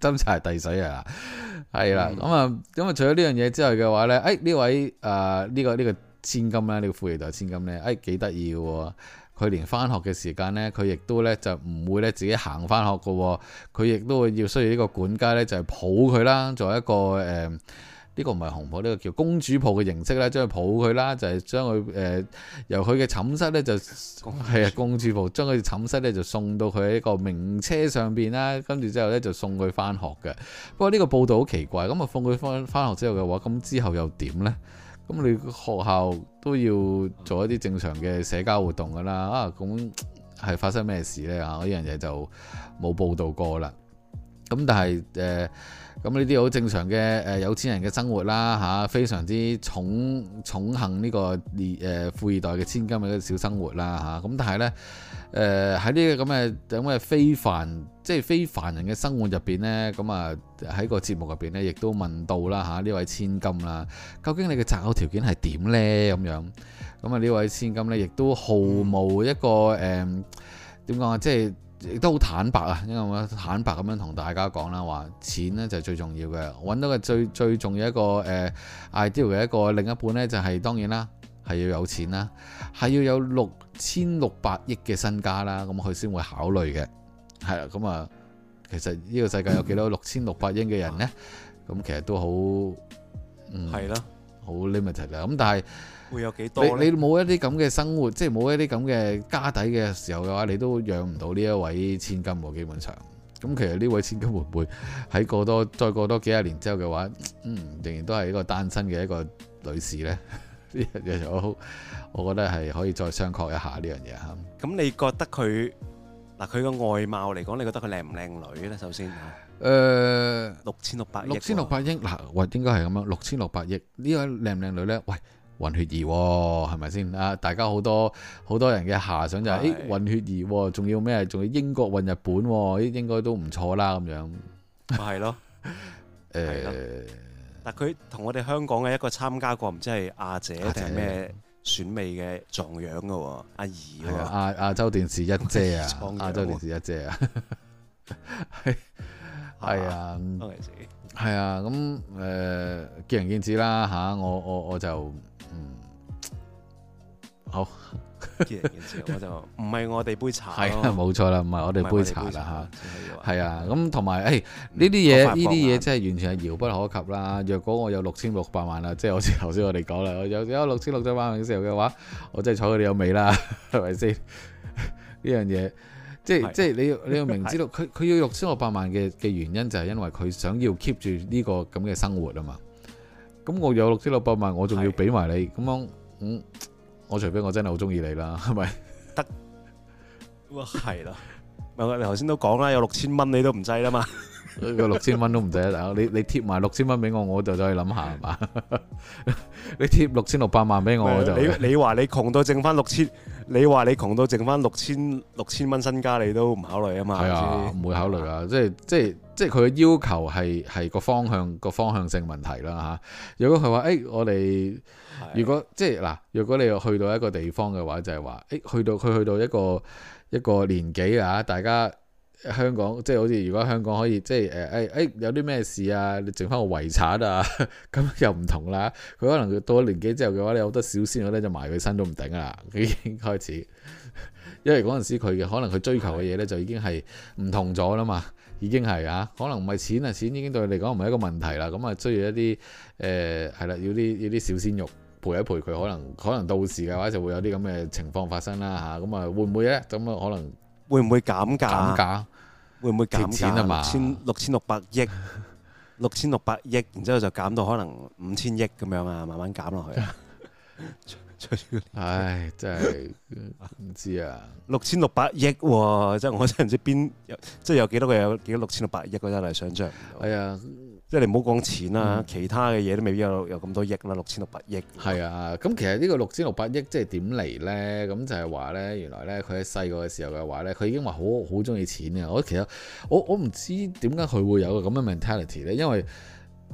斟茶遞水啊，係啦，咁啊，咁啊除咗呢樣嘢之外嘅話咧，誒呢位誒呢個呢個千金咧，呢、這個富二代千金咧，誒幾得意嘅。佢連翻學嘅時間呢，佢亦都呢就唔會呢自己行翻學嘅、哦，佢亦都會要需要呢個管家呢，就係、是、抱佢啦，作做一個誒呢、呃這個唔係紅抱，呢、這個叫公主抱嘅形式呢，將佢抱佢啦，就係將佢誒由佢嘅寢室呢，就係主啊公主抱，將佢嘅寢室呢就送到佢一個名車上邊啦，跟住之後呢，就送佢翻學嘅。不過呢個報道好奇怪，咁啊放佢翻翻學之後嘅話，咁之後又點呢？咁你學校都要做一啲正常嘅社交活動㗎啦啊！咁係發生咩事呢？啊？呢樣嘢就冇報道過啦。咁但係誒。呃咁呢啲好正常嘅誒，有錢人嘅生活啦嚇，非常之寵寵幸呢個二誒富二代嘅千金嘅小生活啦嚇。咁但係呢，誒喺呢個咁嘅咁嘅非凡，即係非凡人嘅生活入邊呢，咁啊喺個節目入邊呢，亦都問到啦嚇呢位千金啦，究竟你嘅擇偶條件係點呢？咁樣？咁啊呢位千金呢，亦都毫無一個誒點講啊，即係。亦都好坦白啊，因為我坦白咁樣同大家講啦，話錢呢就最重要嘅。揾到嘅最最重要一個誒、呃、ideal 嘅一個另一半呢，就係、是、當然啦，係要有錢啦，係要有六千六百億嘅身家啦，咁佢先會考慮嘅。係啊，咁、嗯、啊，其實呢個世界有幾多六千六百億嘅人呢？咁其實都好，係、嗯、咯，好的 limited 嘅。咁但係。會有幾多呢？你，你冇一啲咁嘅生活，即係冇一啲咁嘅家底嘅時候嘅話，你都養唔到呢一位千金喎。基本上，咁其實呢位千金會唔會喺過多再過多幾廿年之後嘅話，嗯，仍然都係一個單身嘅一個女士呢？呢日嘅時候，我覺得係可以再商榷一下呢樣嘢吓。咁你覺得佢嗱，佢個外貌嚟講，你覺得佢靚唔靚女呢？首先，誒、呃，六千六百億，六千六百億嗱，喂，應該係咁樣，六千六百億呢位靚唔靚女呢？喂。混血兒喎，係咪先啊？大家好多好多人嘅遐想就係、是，誒混的、欸、血兒，仲要咩？仲要英國混日本，啲應該都唔錯啦咁樣。啊，係咯。誒， 但佢同我哋香港嘅一個參加過，唔知係阿姐定咩、啊、姐選美嘅狀樣嘅阿、啊、兒嘅，亞亞洲電視一姐啊，亞洲電視一姐啊，係係啊，係啊，咁誒見仁見智啦吓，我我我就。好，我就唔係我哋杯茶，係啊，冇錯啦，唔係我哋杯茶啦嚇，係啊，咁同埋誒呢啲嘢，呢啲嘢真係完全係遙不可及啦。若果我有六千六百萬啦，即係好似頭先我哋講啦，有有六千六百萬嘅時候嘅話，我真係睬佢哋有味啦，係咪先？呢樣嘢，即係即係你你要明知道，佢佢要六千六百萬嘅嘅原因就係因為佢想要 keep 住呢個咁嘅生活啊嘛。咁我有六千六百萬，我仲要俾埋你，咁樣嗯。我除非我真係好中意你啦，係咪？得，哇係啦！咪我你頭先都講啦，有六千蚊你都唔制啦嘛， 有六千蚊都唔制啊！你你貼埋六千蚊俾我，我就再諗下係嘛？你貼六千六百萬俾我，就你你話你窮到剩翻六千，你話你窮到剩翻六千六千蚊身家，你都唔考慮啊嘛？係啊的，唔的會考慮啊！即係即係即係佢嘅要求係係個方向個方向性問題啦吓。如果佢話誒，我哋。如果即係嗱，若果你又去到一個地方嘅話，就係話，誒去到佢去到一個一個年紀啊。大家香港即係好似如果香港可以即係誒誒誒有啲咩事啊，你整翻個遺產啊，咁 又唔同啦。佢可能到咗年紀之後嘅話，你好多小鮮肉咧，就埋佢身都唔定唔頂啦。佢已經開始，因為嗰陣時佢嘅可能佢追求嘅嘢咧，就已經係唔同咗啦嘛，已經係啊。可能唔係錢啊，錢已經對佢嚟講唔係一個問題啦。咁啊，追住一啲誒係啦，要啲要啲小鮮肉。陪一陪佢，可能可能到時嘅話就會有啲咁嘅情況發生啦嚇，咁啊會唔會咧？咁啊可能會唔會減價？減價會唔會減價？六千六千六百億，六千六百億，然之後就減到可能五千億咁樣啊，慢慢減落去啊！ 唉，真係唔知啊！六千六百億喎，即係我真係唔知邊，即係有幾多個有幾多六千六百億嗰陣係想像。係啊、哎。即係你唔好講錢啦，啊，其他嘅嘢都未必有有咁多億啦，六千六百億。係啊，咁其實呢個六千六百億即係點嚟呢？咁就係話呢，原來呢，佢喺細個嘅時候嘅話呢，佢已經話好好中意錢嘅。我其實我我唔知點解佢會有個咁嘅 mentality 呢，因為。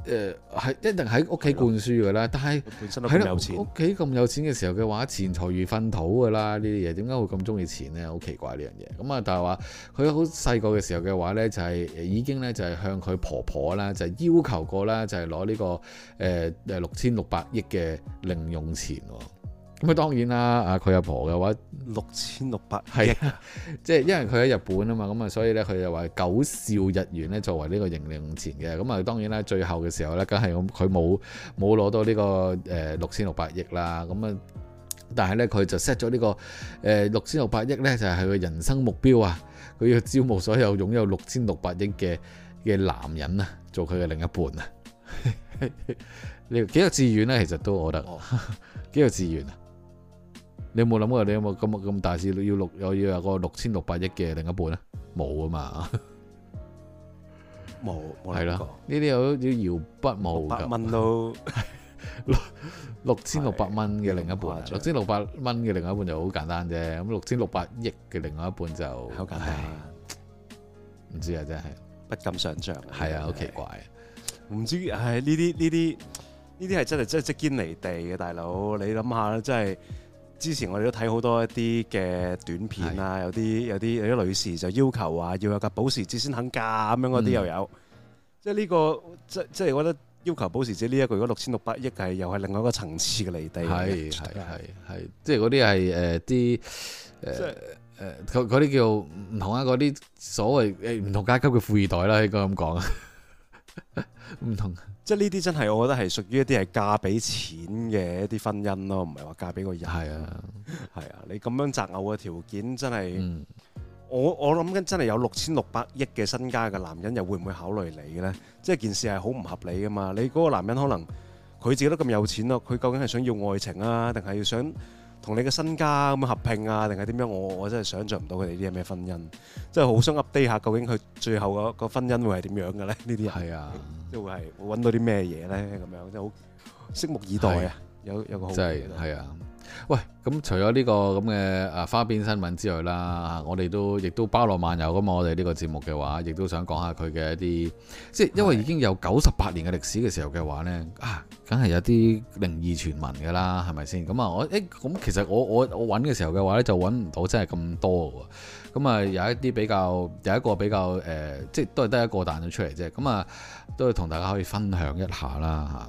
誒係、呃、一定喺屋企灌輸㗎啦，的但係係啦，屋企咁有錢嘅時候嘅話，錢財如糞土㗎啦，呢啲嘢點解會咁中意錢咧？好奇怪呢樣嘢。咁啊，但係話佢好細個嘅時候嘅話咧，就係、是、已經咧就係向佢婆婆啦，就係、是、要求過啦、這個，就係攞呢個誒誒六千六百億嘅零用錢喎。咁啊，當然啦！啊，佢阿婆嘅話六千六百億，係啊，即係因為佢喺日本啊嘛，咁啊，所以咧佢又話九兆日元咧作為呢個盈餘用錢嘅。咁啊，當然啦，最後嘅時候咧，梗係咁，佢冇冇攞到呢個誒六千六百億啦。咁啊，但係咧佢就 set 咗呢個誒、呃、六千六百億咧，就係佢人生目標啊！佢要招募所有擁有六千六百億嘅嘅男人啊，做佢嘅另一半啊！ 幾個呢幾多志願咧，其實都我覺得幾多志願啊！你有冇諗過？你有冇咁咁大志？要六有要有個六千六百億嘅另一半咧？冇啊嘛，冇係啦。呢啲有啲遙不毛，百蚊都六六千六百蚊嘅另一半，六千六百蚊嘅另一半就好簡單啫。咁六千六百億嘅另外一半就好簡單，唔知啊，真係不敢想象。係啊，好奇怪。唔知係呢啲呢啲呢啲係真係真係即堅離地嘅大佬，你諗下啦，真係。之前我哋都睇好多一啲嘅短片啊的，有啲有啲有啲女士就要求話要有個保時捷先肯嫁，咁樣嗰啲又有，即係呢個即即係我覺得要求保時捷呢一個，如果六千六百億係又係另外一個層次嘅離地。係係係，即係嗰啲係誒啲誒誒嗰嗰啲叫唔同啊，嗰啲所謂誒唔同階級嘅富二代啦，應該咁講啊，唔同。即呢啲真係，我覺得係屬於一啲係嫁俾錢嘅一啲婚姻咯，唔係話嫁俾個人。係、嗯、啊，係啊，你咁樣擇偶嘅條件真係、嗯，我我諗緊真係有六千六百億嘅身家嘅男人，又會唔會考慮你呢？即係件事係好唔合理噶嘛？你嗰個男人可能佢自己都咁有錢咯，佢究竟係想要愛情啊，定係要想？同你嘅身家咁樣合拼啊，定係點樣？我我真係想像唔到佢哋啲係咩婚姻，真係好想 update 下究竟佢最後個婚姻會係點樣嘅咧？呢啲人啊，欸、即係會係會揾到啲咩嘢咧？咁樣即係好拭目以待啊！有有個好係啊。喂，咁除咗呢、這個咁嘅誒花邊新聞之外啦，我哋都亦都包羅萬有咁啊！我哋呢個節目嘅話，亦都想講下佢嘅一啲，即係因為已經有九十八年嘅歷史嘅時候嘅話呢，啊，梗係有啲靈異傳聞㗎啦，係咪先？咁啊，我、欸、誒，咁其實我我我揾嘅時候嘅話呢，就揾唔到真係咁多喎。咁啊，有一啲比較有一個比較誒、呃，即係都係得一個彈咗出嚟啫。咁啊，都係同大家可以分享一下啦，嚇、啊。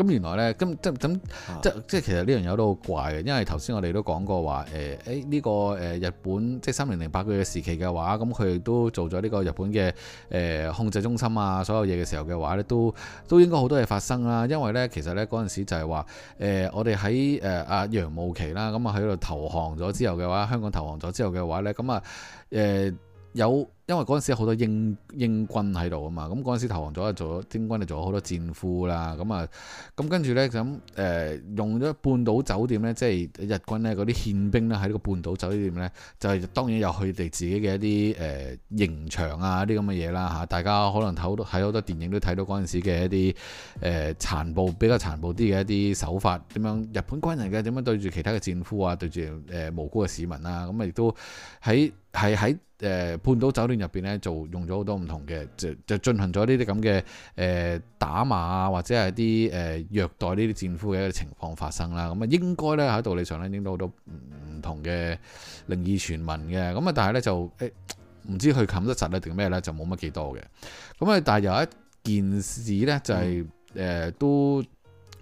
咁原來呢，咁即係咁，即即係其實呢樣嘢都好怪嘅，因為頭先我哋都講過、呃這個呃、話，誒，誒呢個誒日本即係三年零八個月嘅時期嘅話，咁佢亦都做咗呢個日本嘅誒、呃、控制中心啊，所有嘢嘅時候嘅話咧，都都應該好多嘢發生啦。因為呢，其實呢嗰陣時就係話，誒、呃、我哋喺誒阿楊慕琦啦，咁啊喺度投降咗之後嘅話，香港投降咗之後嘅話呢，咁啊，誒有。因為嗰陣時有好多英英軍喺度啊嘛，咁嗰陣時投降咗做咗英軍就做咗好多戰俘啦，咁啊，咁跟住呢，咁、呃、誒用咗半島酒店呢，即係日軍呢嗰啲憲兵咧喺呢個半島酒店呢，就係當然有佢哋自己嘅一啲誒刑場啊啲咁嘅嘢啦嚇，大家可能睇好多睇好多電影都睇到嗰陣時嘅一啲誒殘暴比較殘暴啲嘅一啲手法，點樣日本軍人嘅點樣對住其他嘅戰俘啊，對住誒無辜嘅市民啊，咁啊亦都喺係喺誒半島酒店。入邊咧就用咗好多唔同嘅，就就進行咗呢啲咁嘅誒打罵啊，或者係啲誒虐待呢啲戰俘嘅情況發生啦。咁啊應該咧喺道理上咧應該好多唔同嘅靈異傳聞嘅。咁啊但係咧就誒唔、欸、知佢冚得實啊定咩咧就冇乜幾多嘅。咁啊但係有一件事咧就係、是、誒、嗯呃、都。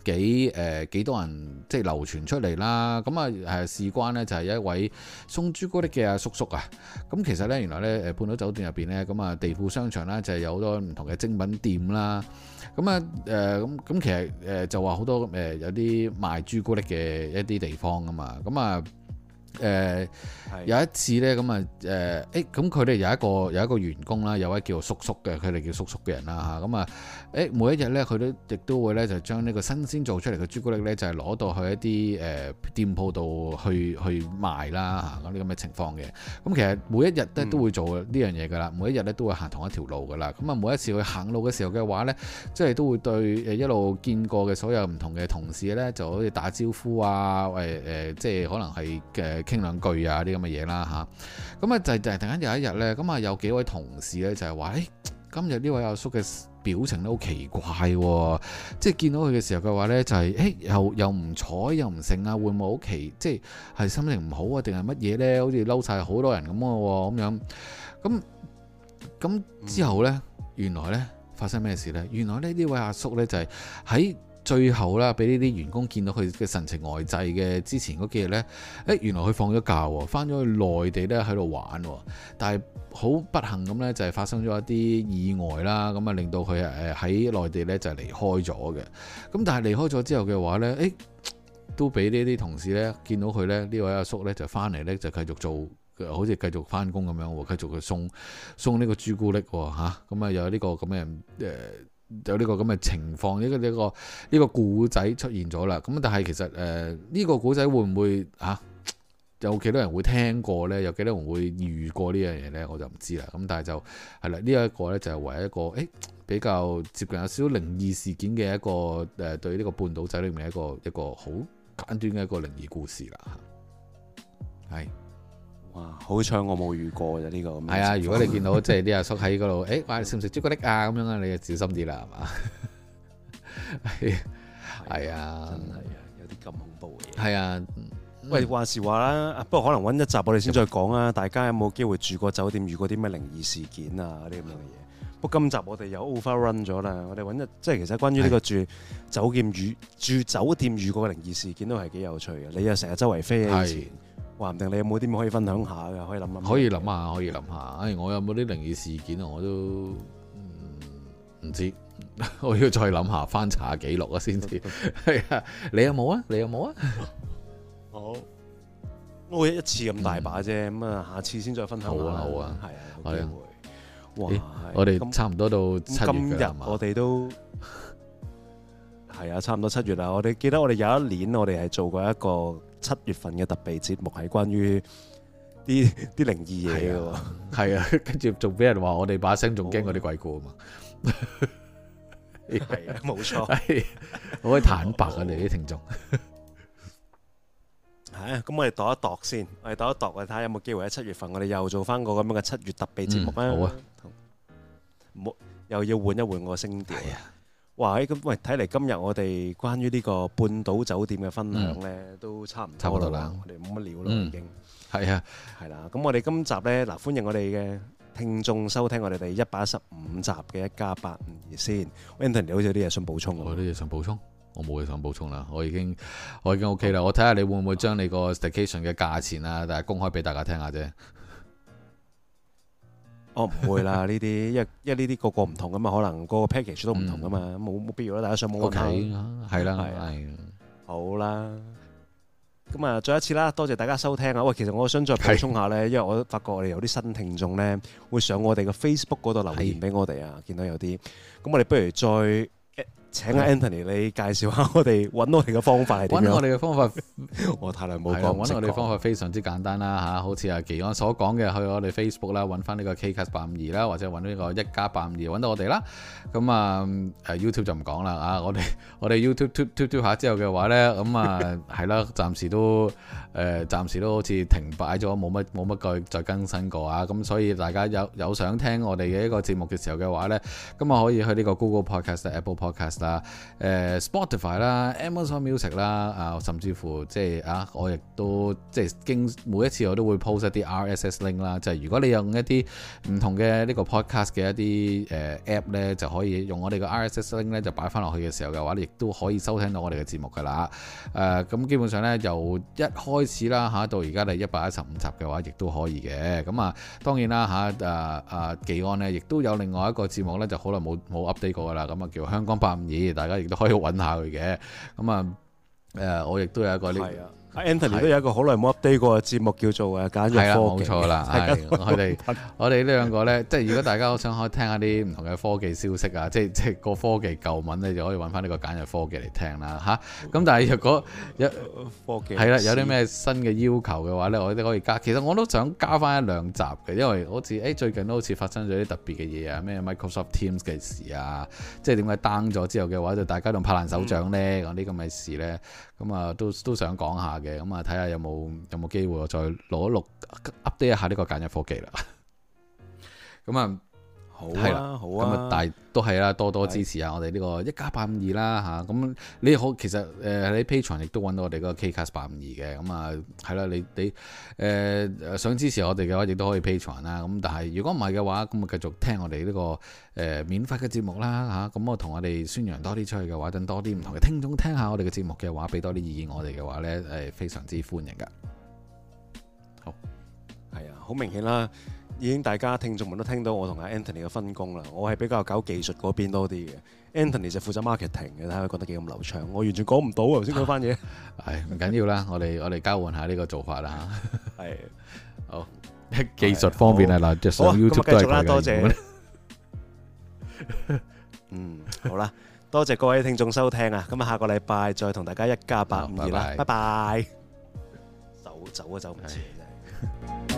幾誒、呃、幾多人即係流傳出嚟啦？咁啊誒事關呢就係、是、一位送朱古力嘅阿叔叔啊！咁其實呢，原來呢誒、呃、半島酒店入邊呢，咁啊地庫商場啦就係、是、有好多唔同嘅精品店啦。咁啊誒咁咁其實誒、呃、就話好多誒、呃、有啲賣朱古力嘅一啲地方㗎嘛。咁啊～啊誒、呃、有一次呢，咁啊誒，誒咁佢哋有一個有一個員工啦，有位叫叔叔嘅，佢哋叫叔叔嘅人啦嚇。咁啊誒、啊，每一日呢，佢都亦都會呢就將呢個新鮮做出嚟嘅朱古力呢，就係、是、攞到去一啲誒、呃、店鋪度去去賣啦嚇。咁啲咁嘅情況嘅，咁、啊、其實每一日呢，都會做呢樣嘢噶啦，每一日呢，都會行同一條路噶啦。咁啊每一次去行路嘅時候嘅話呢，即係都會對一路見過嘅所有唔同嘅同事呢，就好似打招呼啊誒誒、呃呃，即係可能係誒。呃傾兩句啊啲咁嘅嘢啦吓，咁啊就就突然間有一日咧，咁啊有幾位同事咧就係、哎哦、話，誒今日呢位阿叔嘅表情都好奇怪，即係見到佢嘅時候嘅話咧就係，誒又又唔睬，又唔盛啊，會唔會好奇，即係係心情唔好啊定係乜嘢咧？好似嬲晒好多人咁啊、哦，咁樣，咁咁之後咧，原來咧發生咩事咧？原來呢呢，來呢位阿叔咧就係喺。最後啦，俾呢啲員工見到佢嘅神情呆滯嘅之前嗰幾日呢，誒、欸、原來佢放咗假喎、哦，翻咗去內地呢，喺度玩喎、哦，但係好不幸咁呢，就係、是、發生咗一啲意外啦，咁啊令到佢誒喺內地呢，就係離開咗嘅，咁但係離開咗之後嘅話呢，誒、欸、都俾呢啲同事呢，見到佢呢，呢位阿叔，叔呢，就翻嚟呢，就繼續做，好似繼續翻工咁樣，繼續送送呢個朱古力喎、哦、嚇，咁啊有呢個咁嘅誒。呃有呢個咁嘅情況，一、這個一個呢個故仔出現咗啦。咁但係其實誒呢、呃這個故仔會唔會吓、啊、有幾多人會聽過呢？有幾多人會遇過呢樣嘢呢？我就唔知啦。咁但係就係啦，呢、這個、一個呢，就係唯一一個誒比較接近有少少靈異事件嘅一個誒、呃、對呢個半島仔裏面一個一個好簡短嘅一個靈異故事啦。係。好彩我冇遇過啫，呢個係啊。如果你見到即係啲阿叔喺嗰度，誒，話食唔食朱古力啊？咁樣啊，你就小心啲啦，係嘛？係啊，真係啊，有啲咁恐怖嘅嘢。係啊，喂，話時話啦，不過可能搵一集我哋先再講啊。大家有冇機會住過酒店，遇過啲咩靈異事件啊？嗰啲咁樣嘅嘢。不過今集我哋又 overrun 咗啦，我哋搵一，即係其實關於呢個住酒店遇住酒店遇過嘅靈異事件都係幾有趣嘅。你又成日周圍飛。話唔定你有冇啲可以分享下嘅，可以諗下。可以諗下，可以諗下。哎，我有冇啲靈異事件啊？我都唔、嗯、知， 我要再諗下，翻查下記錄啊先知。係 啊，你有冇啊？你有冇啊？好，我、哦、一次咁大把啫。咁啊、嗯，下次先再分享啦、啊。好啊，係啊，有機會。我哋差唔多到七月。今日我哋都係 啊，差唔多七月啦。我哋記得我哋有一年，我哋係做過一個。七月份嘅特別節目係關於啲啲靈異嘢嘅，係啊，跟住仲俾人話我哋把聲仲驚過啲鬼故啊嘛，係啊，冇錯，好可以坦白啊，你啲聽眾，唉，咁我哋度一度先，我哋度一度，我睇下有冇機會喺七月份，我哋又做翻個咁樣嘅七月特別節目啊，好啊，唔好又要換一換個聲調。哇！咁喂，睇嚟今日我哋關於呢個半島酒店嘅分享咧，嗯、都差唔多啦。我哋冇乜料啦，已經係啊，係啦、嗯。咁我哋今集咧，嗱，歡迎我哋嘅聽眾收聽我哋第一百一十五集嘅一家八五二先。嗯、Anthony，你好似有啲嘢想補充，充。我啲嘢想補充，我冇嘢想補充啦。我已經我已經 OK 啦。我睇下你會唔會將你個 staycation 嘅價錢啊，大家公開俾大家聽下啫。我唔、哦、會啦，呢啲， 因為因為呢啲個個唔同噶嘛，可能嗰個 package 都唔同噶嘛，冇冇、嗯、必要啦，大家上網睇，係啦，係，好啦，咁啊，再一次啦，多謝大家收聽啊。喂，其實我想再補充下咧，的因為我發覺我哋有啲新聽眾咧，會上我哋嘅 Facebook 嗰度留言俾我哋啊，的見到有啲，咁我哋不如再。請 Anthony，你介紹下我哋揾我哋嘅方法係點樣？揾我哋嘅方法， 我太耐冇講。揾的我哋方法非常之簡單啦吓、啊，好似阿奇安所講嘅，去我哋 Facebook 啦，揾翻呢個 KCast 八五二啦，或者揾呢個一家八五二，揾到我哋啦。咁啊，誒 YouTube 就唔講啦嚇。我哋我哋 YouTube 推推推 下之後嘅話咧，咁啊係啦，暫時都誒暫、呃、時都好似停擺咗，冇乜冇乜再再更新過啊。咁所以大家有有想聽我哋嘅一個節目嘅時候嘅話咧，咁啊可以去呢個 Google Podcast Apple Podcast。啦、啊、，Spotify 啦，Amazon Music 啦，啊，甚至乎即、就、係、是、啊，我亦都即係、就是、經每一次我都會 post 一啲 RSS link 啦，就係、是、如果你用一啲唔同嘅、呃、呢個 podcast 嘅一啲誒 app 咧，就可以用我哋嘅 RSS link 咧就擺翻落去嘅時候嘅話，亦都可以收聽到我哋嘅節目嘅啦。誒、啊，咁基本上咧由一開始啦吓、啊、到而家係一百一十五集嘅話亦都可以嘅。咁啊，當然啦吓誒誒，紀、啊啊、安咧，亦都有另外一個節目咧，就好耐冇冇 update 過噶啦，咁啊叫香講852。大家亦都可以揾下佢嘅，咁啊，誒，我亦都有一個呢。Anthony 都有一個好耐冇 update 過嘅節目，叫做《簡約科技》的。冇錯啦，係佢哋我哋們呢 兩個咧，即係如果大家都想可以聽下啲唔同嘅科技消息啊，即係即係個科技舊聞，你就可以揾翻呢個《簡約科技》嚟聽啦，嚇。咁但係若果有科技係啦的，有啲咩新嘅要求嘅話咧，我哋可以加。其實我都想加翻一兩集嘅，因為好似誒、欸、最近都好似發生咗啲特別嘅嘢啊，咩 Microsoft Teams 嘅事啊，即係點解 down 咗之後嘅話，就大家仲拍爛手掌咧，講啲咁嘅事咧。咁啊、嗯，都都想講下嘅，咁、嗯、啊，睇下有冇有冇機會再攞一錄 update 一下呢個簡約科技啦。咁 啊、嗯。係啦、啊，好啊！咁啊，但係都係啦，多多支持下我哋呢個一家八五二啦，吓，咁你好，其實誒、呃，你 Patreon 亦都揾到我哋嗰個 KCast 八五二嘅。咁啊係啦，你你誒、呃、想支持我哋嘅話，話，亦都可以 Patreon 啦。咁但係如果唔係嘅話，咁啊繼續聽我哋呢、這個誒、呃、免費嘅節目啦，吓、啊、咁我同我哋宣揚多啲出去嘅話，等多啲唔同嘅聽眾聽下我哋嘅節目嘅話，俾多啲意見我哋嘅話咧，誒非常之歡迎噶。好，係啊，好明顯啦。已經大家聽眾們都聽到我同阿 Anthony 嘅分工啦，我係比較搞技術嗰邊多啲嘅，Anthony 就負責 marketing 嘅，睇下佢覺得幾咁流暢。我完全講唔到啊，頭先講翻嘢，誒唔緊要啦，我哋我哋交換下呢個做法啦。係，好技術方面啊，嗱，就上 YouTube 都係佢。咁繼續啦，多謝。嗯，好啦，多謝各位聽眾收聽啊，咁啊，下個禮拜再同大家一家八五二啦，拜拜。走走啊，走唔切真係。